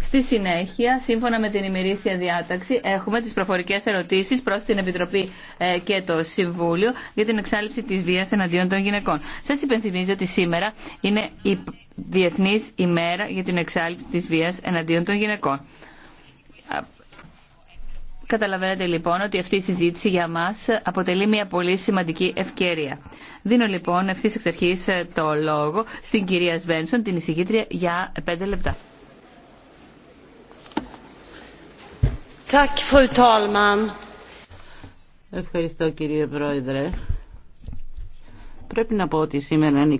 Στη συνέχεια, σύμφωνα με την ημερήσια διάταξη, έχουμε τι προφορικέ ερωτήσει προ την Επιτροπή ε, και το Συμβούλιο για την εξάλληψη τη βία εναντίον των γυναικών. Σα υπενθυμίζω ότι σήμερα είναι η διεθνή ημέρα για την εξάλληψη τη βία εναντίον των γυναικών. Καταλαβαίνετε λοιπόν ότι αυτή η συζήτηση για μα αποτελεί μια πολύ σημαντική ευκαιρία. Δίνω λοιπόν ευθύ εξ αρχή ε, το λόγο στην κυρία Σβένσον, την εισηγήτρια, για πέντε λεπτά. Ευχαριστώ κύριε Πρόεδρε. Πρέπει να πω ότι σήμερα είναι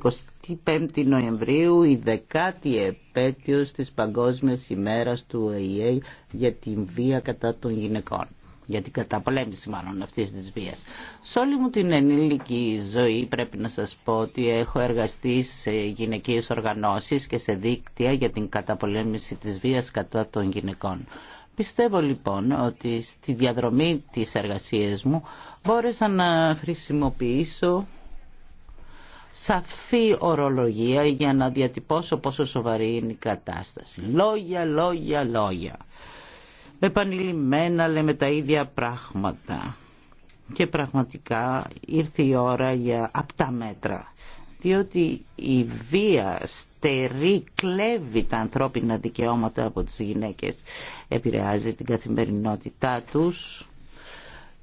25η Νοεμβρίου, η δεκάτη επέτειος της Παγκόσμιας ημέρας του ΟΗΕ για την βία κατά των γυναικών για την καταπολέμηση μάλλον αυτή της βίας. Σε όλη μου την ενήλικη ζωή πρέπει να σας πω ότι έχω εργαστεί σε γυναικείες οργανώσεις και σε δίκτυα για την καταπολέμηση τη βία κατά των γυναικών. Πιστεύω λοιπόν ότι στη διαδρομή της εργασίας μου μπόρεσα να χρησιμοποιήσω σαφή ορολογία για να διατυπώσω πόσο σοβαρή είναι η κατάσταση. Λόγια, λόγια, λόγια. Επανειλημμένα λέμε τα ίδια πράγματα. Και πραγματικά ήρθε η ώρα για απτά μέτρα. Διότι η βία στερεί, κλέβει τα ανθρώπινα δικαιώματα από τις γυναίκες. Επηρεάζει την καθημερινότητά τους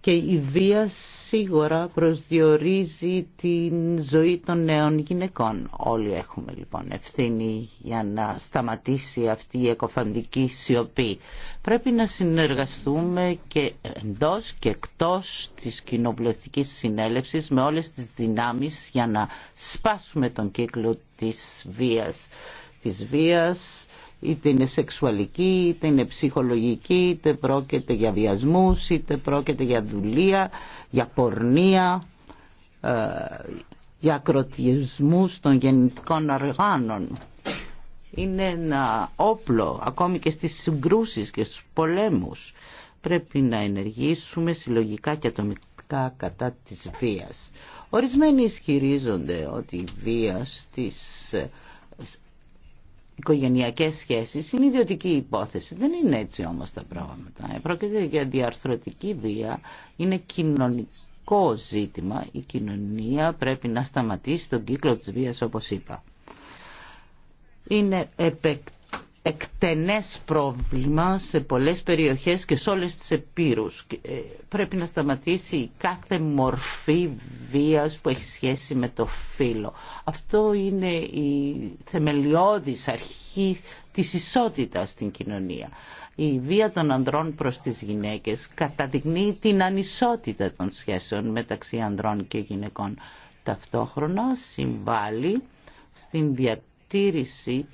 και η βία σίγουρα προσδιορίζει την ζωή των νέων γυναικών. Όλοι έχουμε λοιπόν ευθύνη για να σταματήσει αυτή η εκοφαντική σιωπή. Πρέπει να συνεργαστούμε και εντός και εκτός της κοινοβουλευτικής συνέλευσης με όλες τις δυνάμεις για να σπάσουμε τον κύκλο της βίας. Της βίας είτε είναι σεξουαλική, είτε είναι ψυχολογική, είτε πρόκειται για βιασμούς, είτε πρόκειται για δουλεία, για πορνεία, ε, για ακροτισμούς των γεννητικών αργάνων. Είναι ένα όπλο ακόμη και στις συγκρούσεις και στους πολέμους. Πρέπει να ενεργήσουμε συλλογικά και ατομικά κατά της βίας. Ορισμένοι ισχυρίζονται ότι η βία στις οικογενειακές σχέσεις είναι ιδιωτική υπόθεση. Δεν είναι έτσι όμως τα πράγματα. Ε, πρόκειται για διαρθρωτική βία, είναι κοινωνικό ζήτημα. Η κοινωνία πρέπει να σταματήσει τον κύκλο της βίας όπως είπα. Είναι επεκτή εκτενές πρόβλημα σε πολλές περιοχές και σε όλες τις επίρους. Ε, πρέπει να σταματήσει κάθε μορφή βίας που έχει σχέση με το φύλλο. Αυτό είναι η θεμελιώδης αρχή της ισότητας στην κοινωνία. Η βία των ανδρών προς τις γυναίκες καταδεικνύει την ανισότητα των σχέσεων μεταξύ ανδρών και γυναικών. Ταυτόχρονα συμβάλλει στην διατήρηση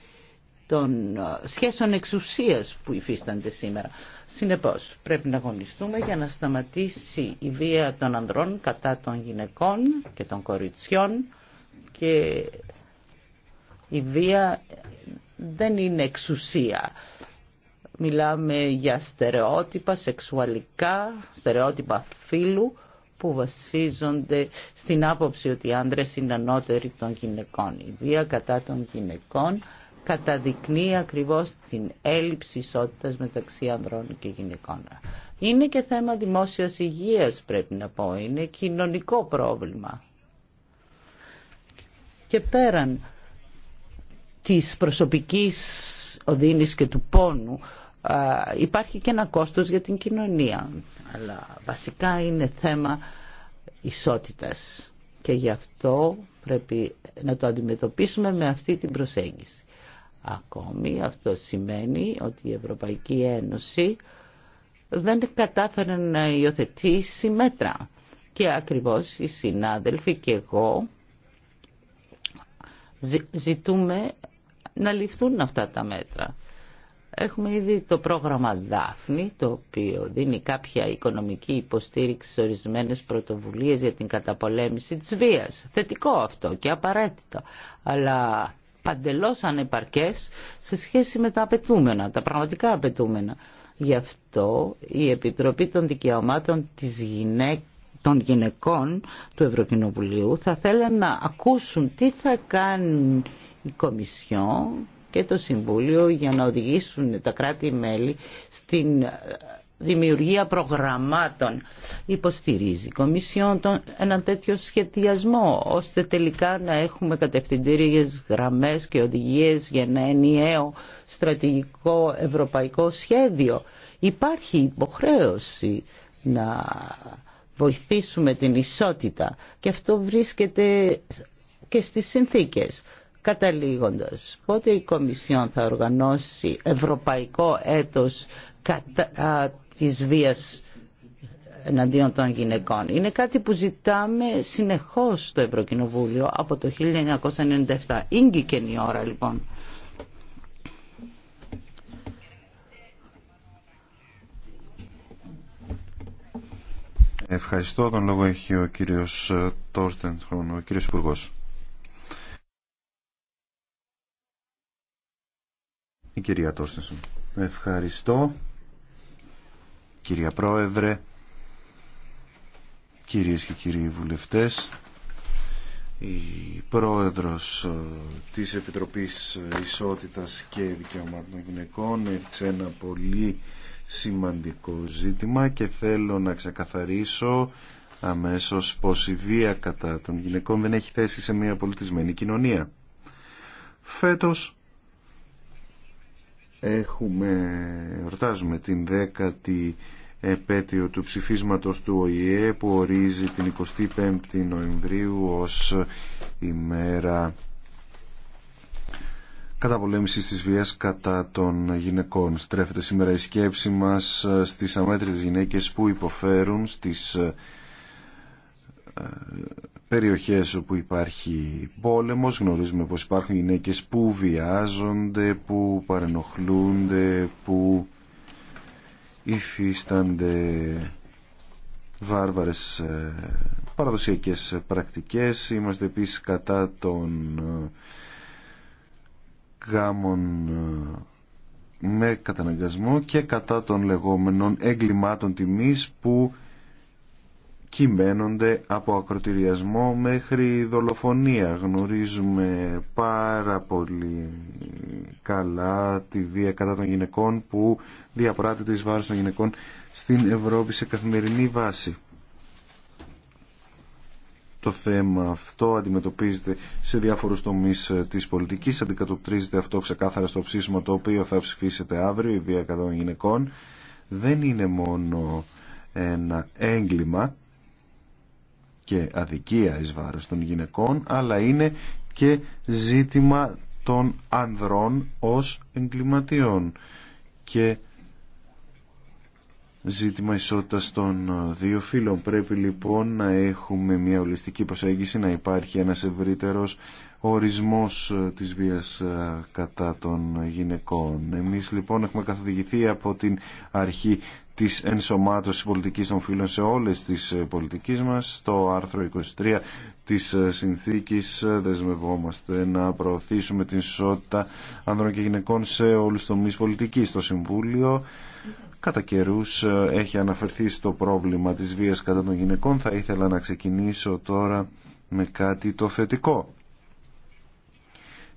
των ε, σχέσεων εξουσίας που υφίστανται σήμερα. Συνεπώς, πρέπει να αγωνιστούμε για να σταματήσει η βία των ανδρών κατά των γυναικών και των κοριτσιών και η βία δεν είναι εξουσία. Μιλάμε για στερεότυπα σεξουαλικά, στερεότυπα φύλου που βασίζονται στην άποψη ότι οι άνδρες είναι ανώτεροι των γυναικών. Η βία κατά των γυναικών καταδεικνύει ακριβώς την έλλειψη ισότητας μεταξύ ανδρών και γυναικών. Είναι και θέμα δημόσιας υγείας πρέπει να πω, είναι κοινωνικό πρόβλημα. Και πέραν της προσωπικής οδύνης και του πόνου υπάρχει και ένα κόστος για την κοινωνία. Αλλά βασικά είναι θέμα ισότητας και γι' αυτό πρέπει να το αντιμετωπίσουμε με αυτή την προσέγγιση. Ακόμη αυτό σημαίνει ότι η Ευρωπαϊκή Ένωση δεν κατάφερε να υιοθετήσει μέτρα. Και ακριβώς οι συνάδελφοι και εγώ ζητούμε να ληφθούν αυτά τα μέτρα. Έχουμε ήδη το πρόγραμμα Δάφνη, το οποίο δίνει κάποια οικονομική υποστήριξη σε ορισμένες πρωτοβουλίε για την καταπολέμηση της βίας. Θετικό αυτό και απαραίτητο. Αλλά παντελώς ανεπαρκές σε σχέση με τα απαιτούμενα, τα πραγματικά απαιτούμενα. Γι' αυτό η Επιτροπή των Δικαιωμάτων της των γυναικών του Ευρωκοινοβουλίου θα θέλαν να ακούσουν τι θα κάνει η Κομισιόν και το Συμβούλιο για να οδηγήσουν τα κράτη-μέλη στην δημιουργία προγραμμάτων. Υποστηρίζει η Κομισιόν τον, ένα τέτοιο σχεδιασμό, ώστε τελικά να έχουμε κατευθυντήριες γραμμές και οδηγίες για ένα ενιαίο στρατηγικό ευρωπαϊκό σχέδιο. Υπάρχει υποχρέωση να βοηθήσουμε την ισότητα και αυτό βρίσκεται και στις συνθήκες. Καταλήγοντας, πότε η Κομισιόν θα οργανώσει ευρωπαϊκό έτος κατά της βίας εναντίον των γυναικών. Είναι κάτι που ζητάμε συνεχώς στο Ευρωκοινοβούλιο από το 1997. Ήγκηκε η ώρα λοιπόν. Ευχαριστώ. Τον λόγο έχει ο κύριος ε, Τόρτεν, ο κύριος Υπουργός. Η κυρία Τόρστενσον. Ευχαριστώ. Κυρία Πρόεδρε, κυρίες και κύριοι βουλευτές, η πρόεδρος ε, της Επιτροπής Ισότητας και Δικαιωμάτων Γυναικών έτσι ένα πολύ σημαντικό ζήτημα και θέλω να ξεκαθαρίσω αμέσως πως η βία κατά των γυναικών δεν έχει θέση σε μια πολιτισμένη κοινωνία. Φέτος έχουμε, ρωτάζουμε την δέκατη επέτειο του ψηφίσματος του ΟΗΕ που ορίζει την 25η Νοεμβρίου ως ημέρα καταπολέμησης της βίας κατά των γυναικών. Στρέφεται σήμερα η σκέψη μας στις αμέτρητες γυναίκες που υποφέρουν στις ε, περιοχές όπου υπάρχει πόλεμος, γνωρίζουμε πως υπάρχουν γυναίκες που βιάζονται, που παρενοχλούνται, που υφίστανται βάρβαρες ε, παραδοσιακές πρακτικές. Είμαστε επίσης κατά των ε, γάμων ε, με καταναγκασμό και κατά των λεγόμενων εγκλημάτων τιμής που κυμαίνονται από ακροτηριασμό μέχρι δολοφονία. Γνωρίζουμε πάρα πολύ καλά τη βία κατά των γυναικών που διαπράττεται εις βάρος των γυναικών στην Ευρώπη σε καθημερινή βάση. Το θέμα αυτό αντιμετωπίζεται σε διάφορους τομείς της πολιτικής. Αντικατοπτρίζεται αυτό ξεκάθαρα στο ψήσιμο το οποίο θα ψηφίσετε αύριο, η βία κατά των γυναικών. Δεν είναι μόνο ένα έγκλημα, και αδικία εις βάρος των γυναικών, αλλά είναι και ζήτημα των ανδρών ως εγκληματιών και ζήτημα ισότητας των ε, δύο φύλων. Πρέπει λοιπόν να έχουμε μια ολιστική προσέγγιση, να υπάρχει ένας ευρύτερος ορισμός ε, της βίας ε, κατά των γυναικών. Εμείς λοιπόν έχουμε καθοδηγηθεί από την αρχή της ενσωμάτωσης πολιτικής των φίλων σε όλες τις ε, πολιτικές μας. Στο άρθρο 23 της ε, συνθήκης ε, δεσμευόμαστε να προωθήσουμε την ισότητα άνδρων και γυναικών σε όλους τους τομείς πολιτικής. Το Συμβούλιο κατά καιρού έχει αναφερθεί στο πρόβλημα της βίας κατά των γυναικών. Θα ήθελα να ξεκινήσω τώρα με κάτι το θετικό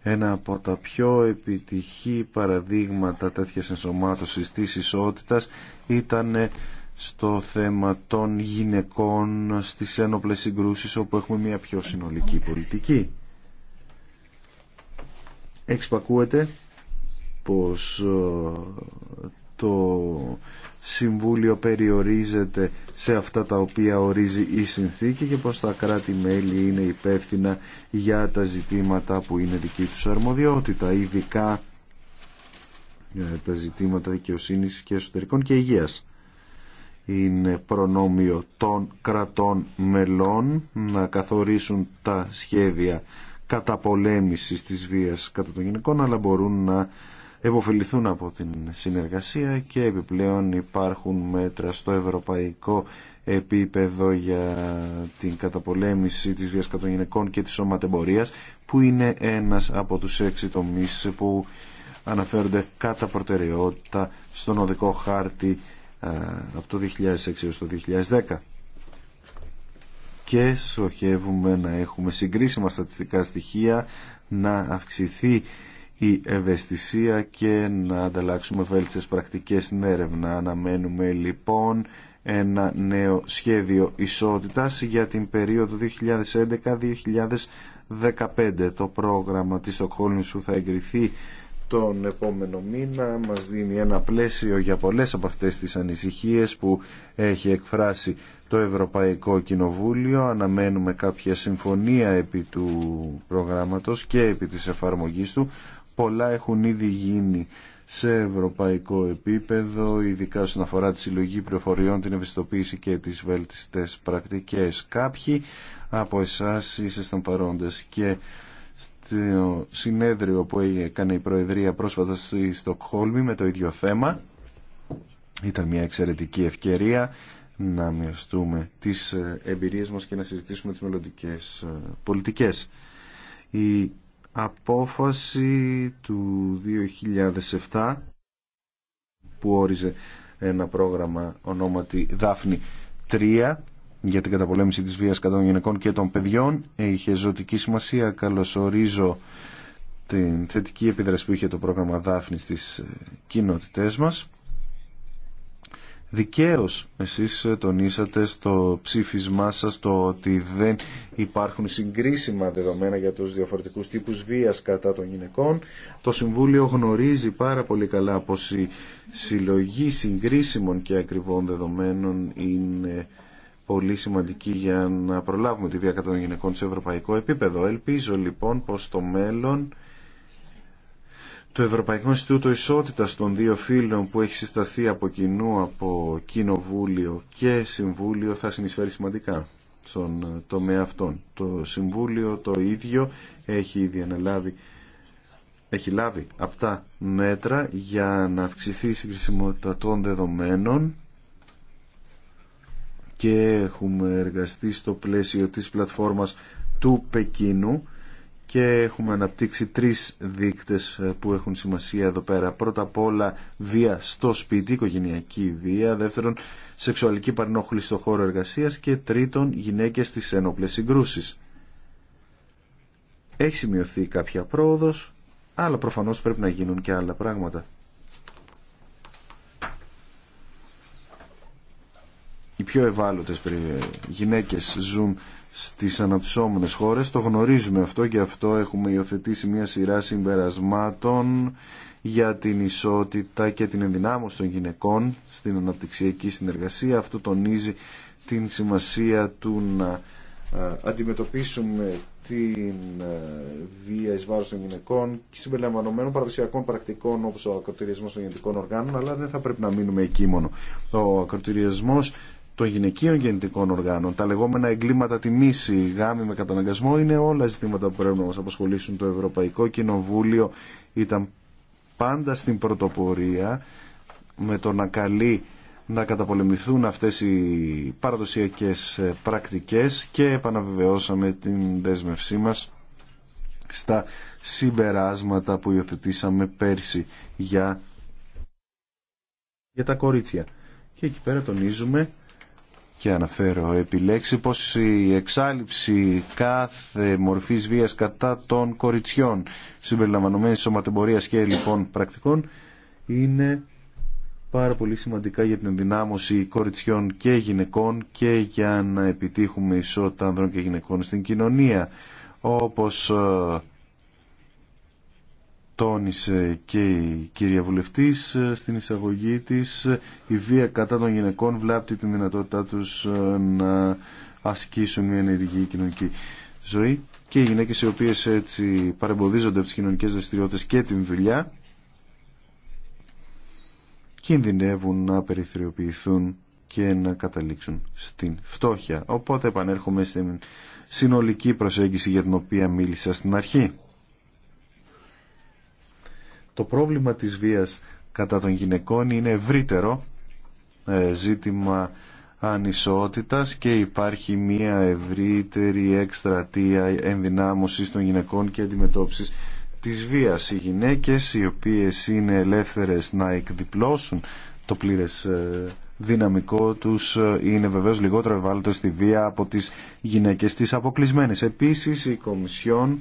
ένα από τα πιο επιτυχή παραδείγματα τέτοιας ενσωμάτωσης της ισότητας ήταν στο θέμα των γυναικών στις ένοπλες συγκρούσεις όπου έχουμε μια πιο συνολική πολιτική. Εξπακούεται πως ε, το Συμβούλιο περιορίζεται σε αυτά τα οποία ορίζει η συνθήκη και πως τα κράτη-μέλη είναι υπεύθυνα για τα ζητήματα που είναι δική τους αρμοδιότητα, ειδικά τα ζητήματα δικαιοσύνης και εσωτερικών και υγείας. Είναι προνόμιο των κρατών μελών να καθορίσουν τα σχέδια καταπολέμησης της βίας κατά των γυναικών, αλλά μπορούν να εποφεληθούν από την συνεργασία και επιπλέον υπάρχουν μέτρα στο ευρωπαϊκό επίπεδο για την καταπολέμηση της βίας των και της σωματεμπορίας που είναι ένας από τους έξι τομείς που αναφέρονται κατά προτεραιότητα στον οδικό χάρτη από το 2006 έως το 2010 και σοχεύουμε να έχουμε συγκρίσιμα στατιστικά στοιχεία να αυξηθεί η ευαισθησία και να ανταλλάξουμε βέλτιστες πρακτικές στην έρευνα. Αναμένουμε λοιπόν ένα νέο σχέδιο ισότητας για την περίοδο 2011-2015. Το πρόγραμμα της Στοκχόλμης που θα εγκριθεί τον επόμενο μήνα μας δίνει ένα πλαίσιο για πολλές από αυτές τις ανησυχίες που έχει εκφράσει το Ευρωπαϊκό Κοινοβούλιο. Αναμένουμε κάποια συμφωνία επί του προγράμματος και επί της εφαρμογής του πολλά έχουν ήδη γίνει σε ευρωπαϊκό επίπεδο, ειδικά όσον αφορά τη συλλογή πληροφοριών, την ευαισθητοποίηση και τις βέλτιστες πρακτικές. Κάποιοι από εσάς ήσασταν παρόντες και στο συνέδριο που έκανε η Προεδρία πρόσφατα στη Στοκχόλμη με το ίδιο θέμα. Ήταν μια εξαιρετική ευκαιρία να μοιραστούμε τις εμπειρίες μας και να συζητήσουμε τις μελλοντικέ ε, πολιτικές. Η απόφαση του 2007 που όριζε ένα πρόγραμμα ονόματι Δάφνη 3 για την καταπολέμηση της βίας κατά των γυναικών και των παιδιών. Είχε ζωτική σημασία. Καλωσορίζω την θετική επίδραση που είχε το πρόγραμμα Δάφνη στις ε, κοινότητές μας. Δικαίως εσείς ε, τονίσατε στο ψήφισμά σας το ότι δεν υπάρχουν συγκρίσιμα δεδομένα για τους διαφορετικούς τύπους βίας κατά των γυναικών. Το Συμβούλιο γνωρίζει πάρα πολύ καλά πως η συλλογή συγκρίσιμων και ακριβών δεδομένων είναι πολύ σημαντική για να προλάβουμε τη βία κατά των γυναικών σε ευρωπαϊκό επίπεδο. Ελπίζω λοιπόν πως το μέλλον το Ευρωπαϊκό Ινστιτούτο Ισότητας των δύο φίλων που έχει συσταθεί από κοινού από Κοινοβούλιο και Συμβούλιο θα συνεισφέρει σημαντικά στον ε, τομέα αυτών. Το Συμβούλιο το ίδιο έχει ήδη έχει λάβει αυτά μέτρα για να αυξηθεί η συγκρισιμότητα των δεδομένων και έχουμε εργαστεί στο πλαίσιο της πλατφόρμας του Πεκίνου και έχουμε αναπτύξει τρεις δείκτες ε, που έχουν σημασία εδώ πέρα. Πρώτα απ' όλα βία στο σπίτι, οικογενειακή βία, δεύτερον σεξουαλική παρνόχληση στο χώρο εργασίας και τρίτον γυναίκες στις ένοπλες συγκρούσεις. Έχει σημειωθεί κάποια πρόοδος, αλλά προφανώς πρέπει να γίνουν και άλλα πράγματα. Οι πιο ευάλωτες γυναίκες ζουν στις αναπτυσσόμενες χώρες. Το γνωρίζουμε αυτό και αυτό έχουμε υιοθετήσει μια σειρά συμπερασμάτων για την ισότητα και την ενδυνάμωση των γυναικών στην αναπτυξιακή συνεργασία. Αυτό τονίζει την σημασία του να αντιμετωπίσουμε την βία εις βάρος των γυναικών και συμπεριλαμβανομένων παραδοσιακών πρακτικών όπως ο ακροτηριασμός των γενετικών οργάνων αλλά δεν θα πρέπει να μείνουμε εκεί μόνο. Ο ακροτηριασμός των γυναικείων γεννητικών οργάνων, τα λεγόμενα εγκλήματα τιμής, η με καταναγκασμό, είναι όλα ζητήματα που πρέπει να μας απασχολήσουν. Το Ευρωπαϊκό Κοινοβούλιο ήταν πάντα στην πρωτοπορία με το να καλεί να καταπολεμηθούν αυτές οι παραδοσιακές πρακτικές και επαναβεβαιώσαμε την δέσμευσή μας στα συμπεράσματα που υιοθετήσαμε πέρσι για, για τα κορίτσια. Και εκεί πέρα τονίζουμε και αναφέρω επιλέξει πως η εξάλληψη κάθε μορφής βίας κατά των κοριτσιών συμπεριλαμβανομένης σωματεμπορίας και λοιπόν πρακτικών είναι πάρα πολύ σημαντικά για την ενδυνάμωση κοριτσιών και γυναικών και για να επιτύχουμε ισότητα ανδρών και γυναικών στην κοινωνία όπως ε, τόνισε και η κυρία Βουλευτής ε, στην εισαγωγή της ε, η βία κατά των γυναικών βλάπτει την δυνατότητά τους ε, να ασκήσουν μια ενεργή κοινωνική ζωή και οι γυναίκες οι οποίες έτσι παρεμποδίζονται από τις κοινωνικές δραστηριότητες και την δουλειά κινδυνεύουν να περιθωριοποιηθούν και να καταλήξουν στην φτώχεια. Οπότε επανέρχομαι στην συνολική προσέγγιση για την οποία μίλησα στην αρχή. Το πρόβλημα της βίας κατά των γυναικών είναι ευρύτερο ε, ζήτημα ανισότητας και υπάρχει μια ευρύτερη εκστρατεία ενδυνάμωσης των γυναικών και αντιμετώπισης της βίας. Οι γυναίκες οι οποίες είναι ελεύθερες να εκδιπλώσουν το πλήρες ε, δυναμικό τους ε, είναι βεβαίως λιγότερο ευάλωτο στη βία από τις γυναίκες τις αποκλεισμένες. Επίσης η Κομισιόν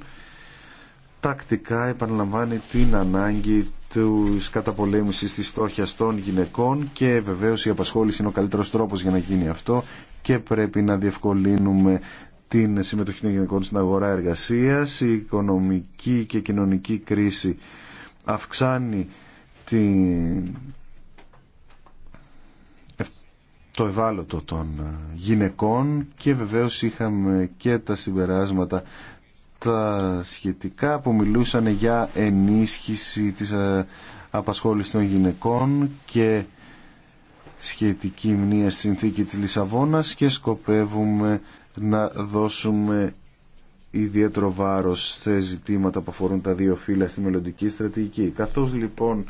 τακτικά επαναλαμβάνει την ανάγκη της καταπολέμησης της στόχιας των γυναικών και βεβαίως η απασχόληση είναι ο καλύτερος τρόπος για να γίνει αυτό και πρέπει να διευκολύνουμε την συμμετοχή των γυναικών στην αγορά εργασίας. Η οικονομική και κοινωνική κρίση αυξάνει το ευάλωτο των γυναικών και βεβαίως είχαμε και τα συμπεράσματα τα σχετικά που μιλούσαν για ενίσχυση της ε, απασχόλησης των γυναικών και σχετική μνήμα στη συνθήκη της Λισαβόνας και σκοπεύουμε να δώσουμε ιδιαίτερο βάρος σε ζητήματα που αφορούν τα δύο φύλλα στη μελλοντική στρατηγική. Καθώς λοιπόν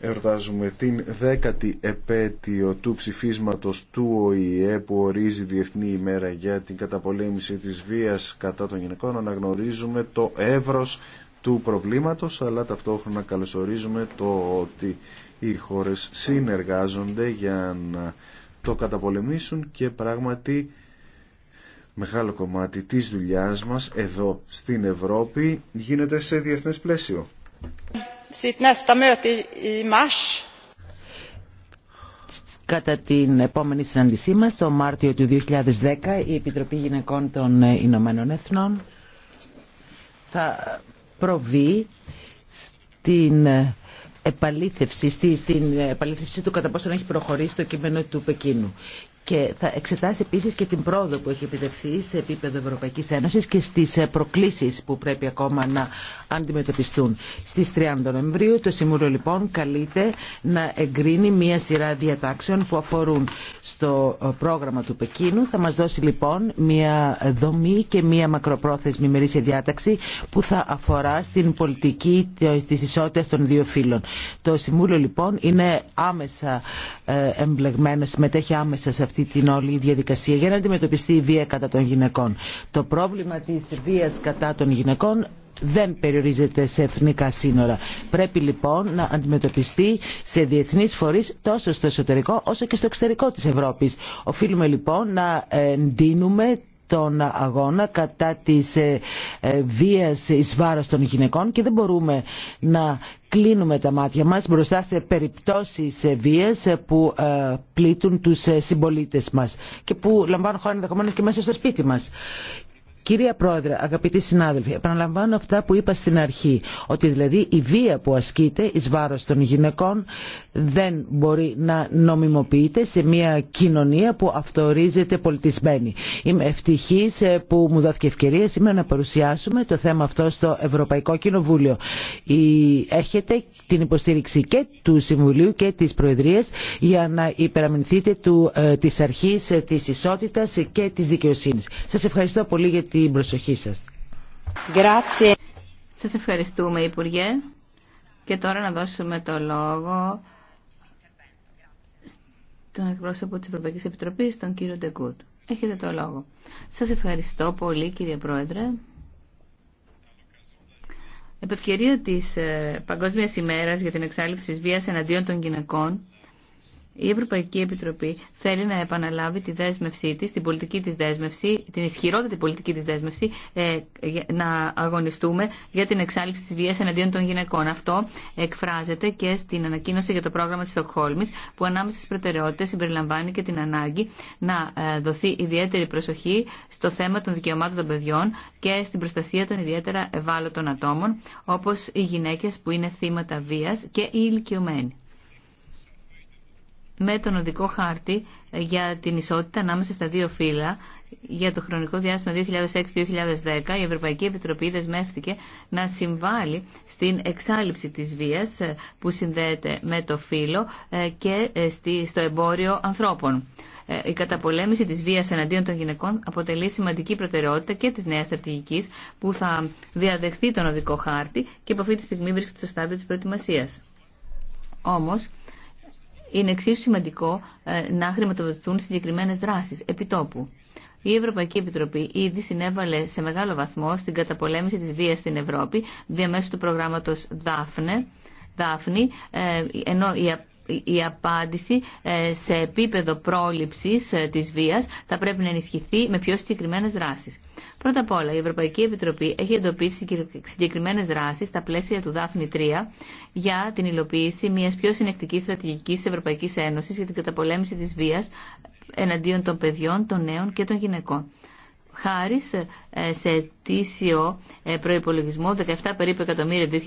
εορτάζουμε την δέκατη επέτειο του ψηφίσματος του ΟΗΕ που ορίζει Διεθνή ημέρα για την καταπολέμηση της βίας κατά των γυναικών αναγνωρίζουμε το εύρος του προβλήματος αλλά ταυτόχρονα καλωσορίζουμε το ότι οι χώρες συνεργάζονται για να το καταπολεμήσουν και πράγματι μεγάλο κομμάτι της δουλειάς μας εδώ στην Ευρώπη γίνεται σε διεθνές πλαίσιο. Κατά την επόμενη συναντησή μας, το Μάρτιο του 2010, η Επιτροπή Γυναικών των Ηνωμένων Εθνών θα προβεί στην επαλήθευση, στην επαλήθευση του κατά πόσο έχει προχωρήσει το κείμενο του Πεκίνου και θα εξετάσει επίσης και την πρόοδο που έχει επιτευχθεί σε επίπεδο Ευρωπαϊκής Ένωσης και στις ε, προκλήσεις που πρέπει ακόμα να αντιμετωπιστούν. Στις 30 Νοεμβρίου το Συμβούλιο λοιπόν καλείται να εγκρίνει μία σειρά διατάξεων που αφορούν στο ε, πρόγραμμα του Πεκίνου. Θα μας δώσει λοιπόν μία δομή και μία μακροπρόθεσμη μερίσια διάταξη που θα αφορά στην πολιτική της ισότητας των δύο φύλων. Το Συμβούλιο λοιπόν είναι άμεσα ε, εμπλεγμένο, συμμετέχει άμεσα σε αυτή την όλη διαδικασία για να αντιμετωπιστεί η βία κατά των γυναικών. Το πρόβλημα της βίας κατά των γυναικών δεν περιορίζεται σε εθνικά σύνορα. Πρέπει λοιπόν να αντιμετωπιστεί σε διεθνείς φορείς τόσο στο εσωτερικό όσο και στο εξωτερικό της Ευρώπης. Οφείλουμε λοιπόν να ε, εντείνουμε τον αγώνα κατά της ε, ε, βίας εις βάρος των γυναικών και δεν μπορούμε να κλείνουμε τα μάτια μας μπροστά σε περιπτώσεις ε, βίας που πλήττουν τους συμπολίτες μας και που λαμβάνουν χώρα ενδεχομένω και μέσα στο σπίτι μας. Κυρία Πρόεδρε, αγαπητοί συνάδελφοι, επαναλαμβάνω αυτά που είπα στην αρχή, ότι δηλαδή η βία που ασκείται εις βάρος των γυναικών δεν μπορεί να νομιμοποιείται σε μια κοινωνία που αυτορίζεται πολιτισμένη. Είμαι ευτυχής ε, που μου δόθηκε ευκαιρία σήμερα να παρουσιάσουμε το θέμα αυτό στο Ευρωπαϊκό Κοινοβούλιο. Έχετε την υποστήριξη και του Συμβουλίου και της Προεδρίας για να υπεραμεινθείτε του, ε, της αρχής ε, της ισότητας και της δικαιοσύνης. Σας ευχαριστώ πολύ για την προσοχή σας. ευχαριστούμε Υπουργέ και τώρα να δώσουμε το λόγο στον εκπρόσωπο της Ευρωπαϊκής Επιτροπής, τον κύριο Ντεκούτ. Έχετε το λόγο. Σας ευχαριστώ πολύ κύριε Πρόεδρε. Επ' ευκαιρία της ε, Παγκόσμιας ημέρας για την εξάλληψη της βίας εναντίον των γυναικών, η Ευρωπαϊκή Επιτροπή θέλει να επαναλάβει τη δέσμευσή της, την πολιτική της δέσμευση, την ισχυρότητη πολιτική της δέσμευση, ε, να αγωνιστούμε για την εξάλληψη της βίας εναντίον των γυναικών. Αυτό εκφράζεται και στην ανακοίνωση για το πρόγραμμα της Στοκχόλμης, που ανάμεσα στις προτεραιότητες συμπεριλαμβάνει και την ανάγκη να ε, δοθεί ιδιαίτερη προσοχή στο θέμα των δικαιωμάτων των παιδιών και στην προστασία των ιδιαίτερα ευάλωτων ατόμων, όπως οι γυναίκες που είναι θύματα βίας και οι ηλικιωμένοι με τον οδικό χάρτη ε, για την ισότητα ανάμεσα στα δύο φύλλα για το χρονικό διάστημα 2006-2010 η Ευρωπαϊκή Επιτροπή δεσμεύτηκε να συμβάλλει στην εξάλληψη της βίας ε, που συνδέεται με το φύλλο ε, και στο εμπόριο ανθρώπων. Η καταπολέμηση της βίας εναντίον των γυναικών αποτελεί σημαντική προτεραιότητα και της νέας στρατηγικής που θα διαδεχθεί τον οδικό χάρτη και από αυτή τη στιγμή βρίσκεται στο στάδιο της προετοιμασίας είναι εξίσου σημαντικό ε, να χρηματοδοτηθούν συγκεκριμένε δράσει επιτόπου. Η Ευρωπαϊκή Επιτροπή ήδη συνέβαλε σε μεγάλο βαθμό στην καταπολέμηση τη βία στην Ευρώπη διαμέσου του προγράμματο Δάφνε, Δάφνη, ε, ενώ η η απάντηση ε, σε επίπεδο πρόληψης ε, της βίας θα πρέπει να ενισχυθεί με πιο συγκεκριμένες δράσεις. Πρώτα απ' όλα, η Ευρωπαϊκή Επιτροπή έχει εντοπίσει συγκεκριμένε δράσει στα πλαίσια του Δάφνη 3 για την υλοποίηση μια πιο συνεκτική στρατηγική Ευρωπαϊκή Ένωση για την καταπολέμηση τη βία εναντίον των παιδιών, των νέων και των γυναικών. Χάρη σε ε, ετήσιο ε, προπολογισμό 17 περίπου εκατομμύρια 2009,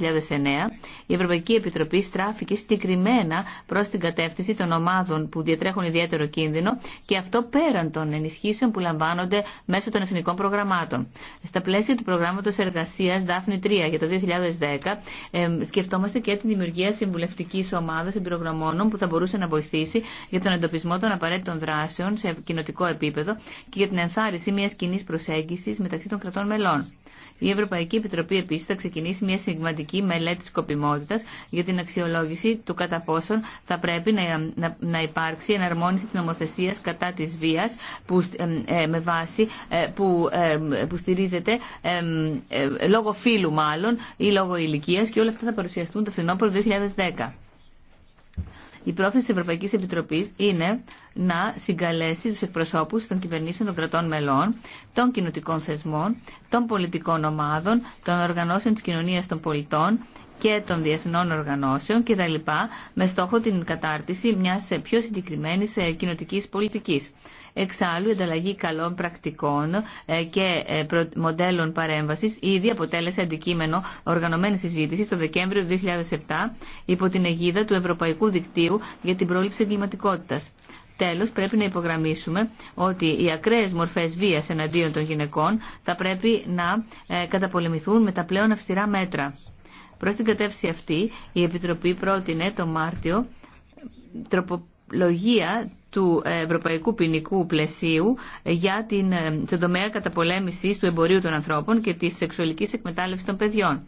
η Ευρωπαϊκή Επιτροπή στράφηκε συγκεκριμένα προ την κατεύθυνση των ομάδων που διατρέχουν ιδιαίτερο κίνδυνο και αυτό πέραν των ενισχύσεων που λαμβάνονται μέσω των εθνικών προγραμμάτων. Στα πλαίσια του προγράμματο εργασία Δάφνη 3 για το 2010, ε, σκεφτόμαστε και την δημιουργία συμβουλευτική ομάδα εμπειρογραμμόνων που θα μπορούσε να βοηθήσει για τον εντοπισμό των απαραίτητων δράσεων σε κοινοτικό επίπεδο και για την ενθάρρυνση μια κοινή προσέγγιση μεταξύ των κρατών μελών. Η Ευρωπαϊκή Επιτροπή επίση θα ξεκινήσει μια σημαντική μελέτη σκοπιμότητα για την αξιολόγηση του κατά πόσον θα πρέπει να, υπάρξει εναρμόνιση τη νομοθεσία κατά τη βία που, ε, με βάση ε, που, που στηρίζεται ε, λόγω φύλου μάλλον ή λόγω ηλικία και όλα αυτά θα παρουσιαστούν το φθινόπωρο 2010. Η πρόθεση τη Ευρωπαϊκή Επιτροπή είναι να συγκαλέσει του εκπροσώπου των κυβερνήσεων των κρατών μελών, των κοινοτικών θεσμών, των πολιτικών ομάδων, των οργανώσεων τη κοινωνία των πολιτών και των διεθνών οργανώσεων κλπ. με στόχο την κατάρτιση μια πιο συγκεκριμένη ε, κοινοτική πολιτική. Εξάλλου, η ανταλλαγή καλών πρακτικών ε, και ε, μοντέλων παρέμβαση ήδη αποτέλεσε αντικείμενο οργανωμένη συζήτηση το Δεκέμβριο 2007 υπό την αιγίδα του Ευρωπαϊκού Δικτύου για την Πρόληψη Εγκληματικότητα. Τέλο, πρέπει να υπογραμμίσουμε ότι οι ακραίε μορφέ βία εναντίον των γυναικών θα πρέπει να ε, καταπολεμηθούν με τα πλέον αυστηρά μέτρα. Προ την κατεύθυνση αυτή, η Επιτροπή πρότεινε το Μάρτιο τροπολογία του Ευρωπαϊκού Ποινικού Πλαισίου για την ε, τομέα καταπολέμησης του εμπορίου των ανθρώπων και της σεξουαλικής εκμετάλλευσης των παιδιών.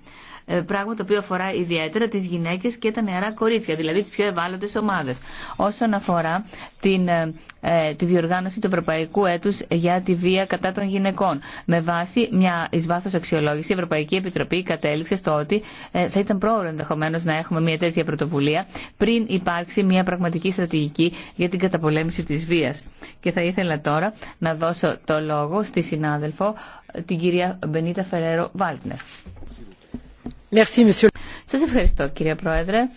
Ε, πράγμα το οποίο αφορά ιδιαίτερα τις γυναίκες και τα νεαρά κορίτσια, δηλαδή τις πιο ευάλωτες ομάδες. Όσον αφορά την, ε, ε, τη διοργάνωση του Ευρωπαϊκού Έτους για τη βία κατά των γυναικών. Με βάση μια εις βάθος αξιολόγηση, η Ευρωπαϊκή Επιτροπή κατέληξε στο ότι ε, θα ήταν πρόωρο ενδεχομένω να έχουμε μια τέτοια πρωτοβουλία πριν υπάρξει μια πραγματική στρατηγική για την καταπολέμηση της βίας. Και θα ήθελα τώρα να δώσω το λόγο στη συνάδελφο την κυρία Μπενίτα Φερέρο Βάλτνερ. Σας ευχαριστώ κύριε Πρόεδρε.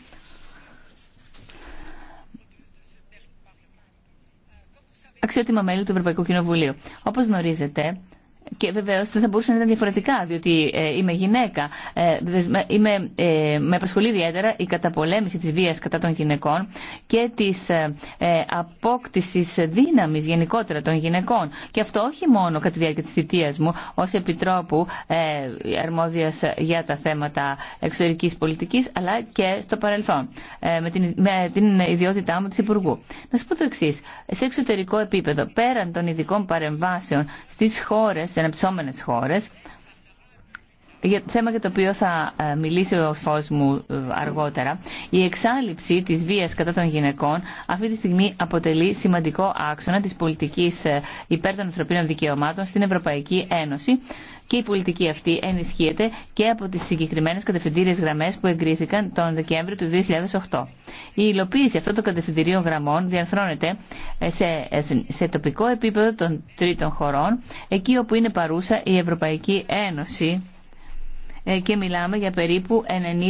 Αξιότιμα μέλη του Ευρωπαϊκού Κοινοβουλίου. Όπως γνωρίζετε, και βεβαίω δεν θα μπορούσαν να ήταν διαφορετικά, διότι ε, είμαι γυναίκα. Ε, είμαι, ε, με απασχολεί ιδιαίτερα η καταπολέμηση τη βία κατά των γυναικών και τη ε, απόκτηση δύναμη γενικότερα των γυναικών. Και αυτό όχι μόνο κατά τη διάρκεια τη θητεία μου ω επιτρόπου ε, αρμόδια για τα θέματα εξωτερική πολιτική, αλλά και στο παρελθόν, με, την, με την ιδιότητά μου τη Υπουργού. Να σα πω το εξή. Σε εξωτερικό επίπεδο, πέραν των ειδικών παρεμβάσεων στι χώρε στις ανεψόμενες χώρες, θέμα για το οποίο θα ε, μιλήσει ο φως μου ε, αργότερα, η εξάλληψη της βίας κατά των γυναικών αυτή τη στιγμή αποτελεί σημαντικό άξονα της πολιτικής ε, υπέρ των ανθρωπίνων δικαιωμάτων στην Ευρωπαϊκή Ένωση και η πολιτική αυτή ενισχύεται και από τι συγκεκριμένε κατευθυντήριε γραμμέ που εγκρίθηκαν τον Δεκέμβριο του 2008. Η υλοποίηση αυτών των κατευθυντηρίων γραμμών διαρθρώνεται ε, σε, ε, σε τοπικό επίπεδο των τρίτων χωρών, εκεί όπου είναι παρούσα η Ευρωπαϊκή Ένωση ε, και μιλάμε για περίπου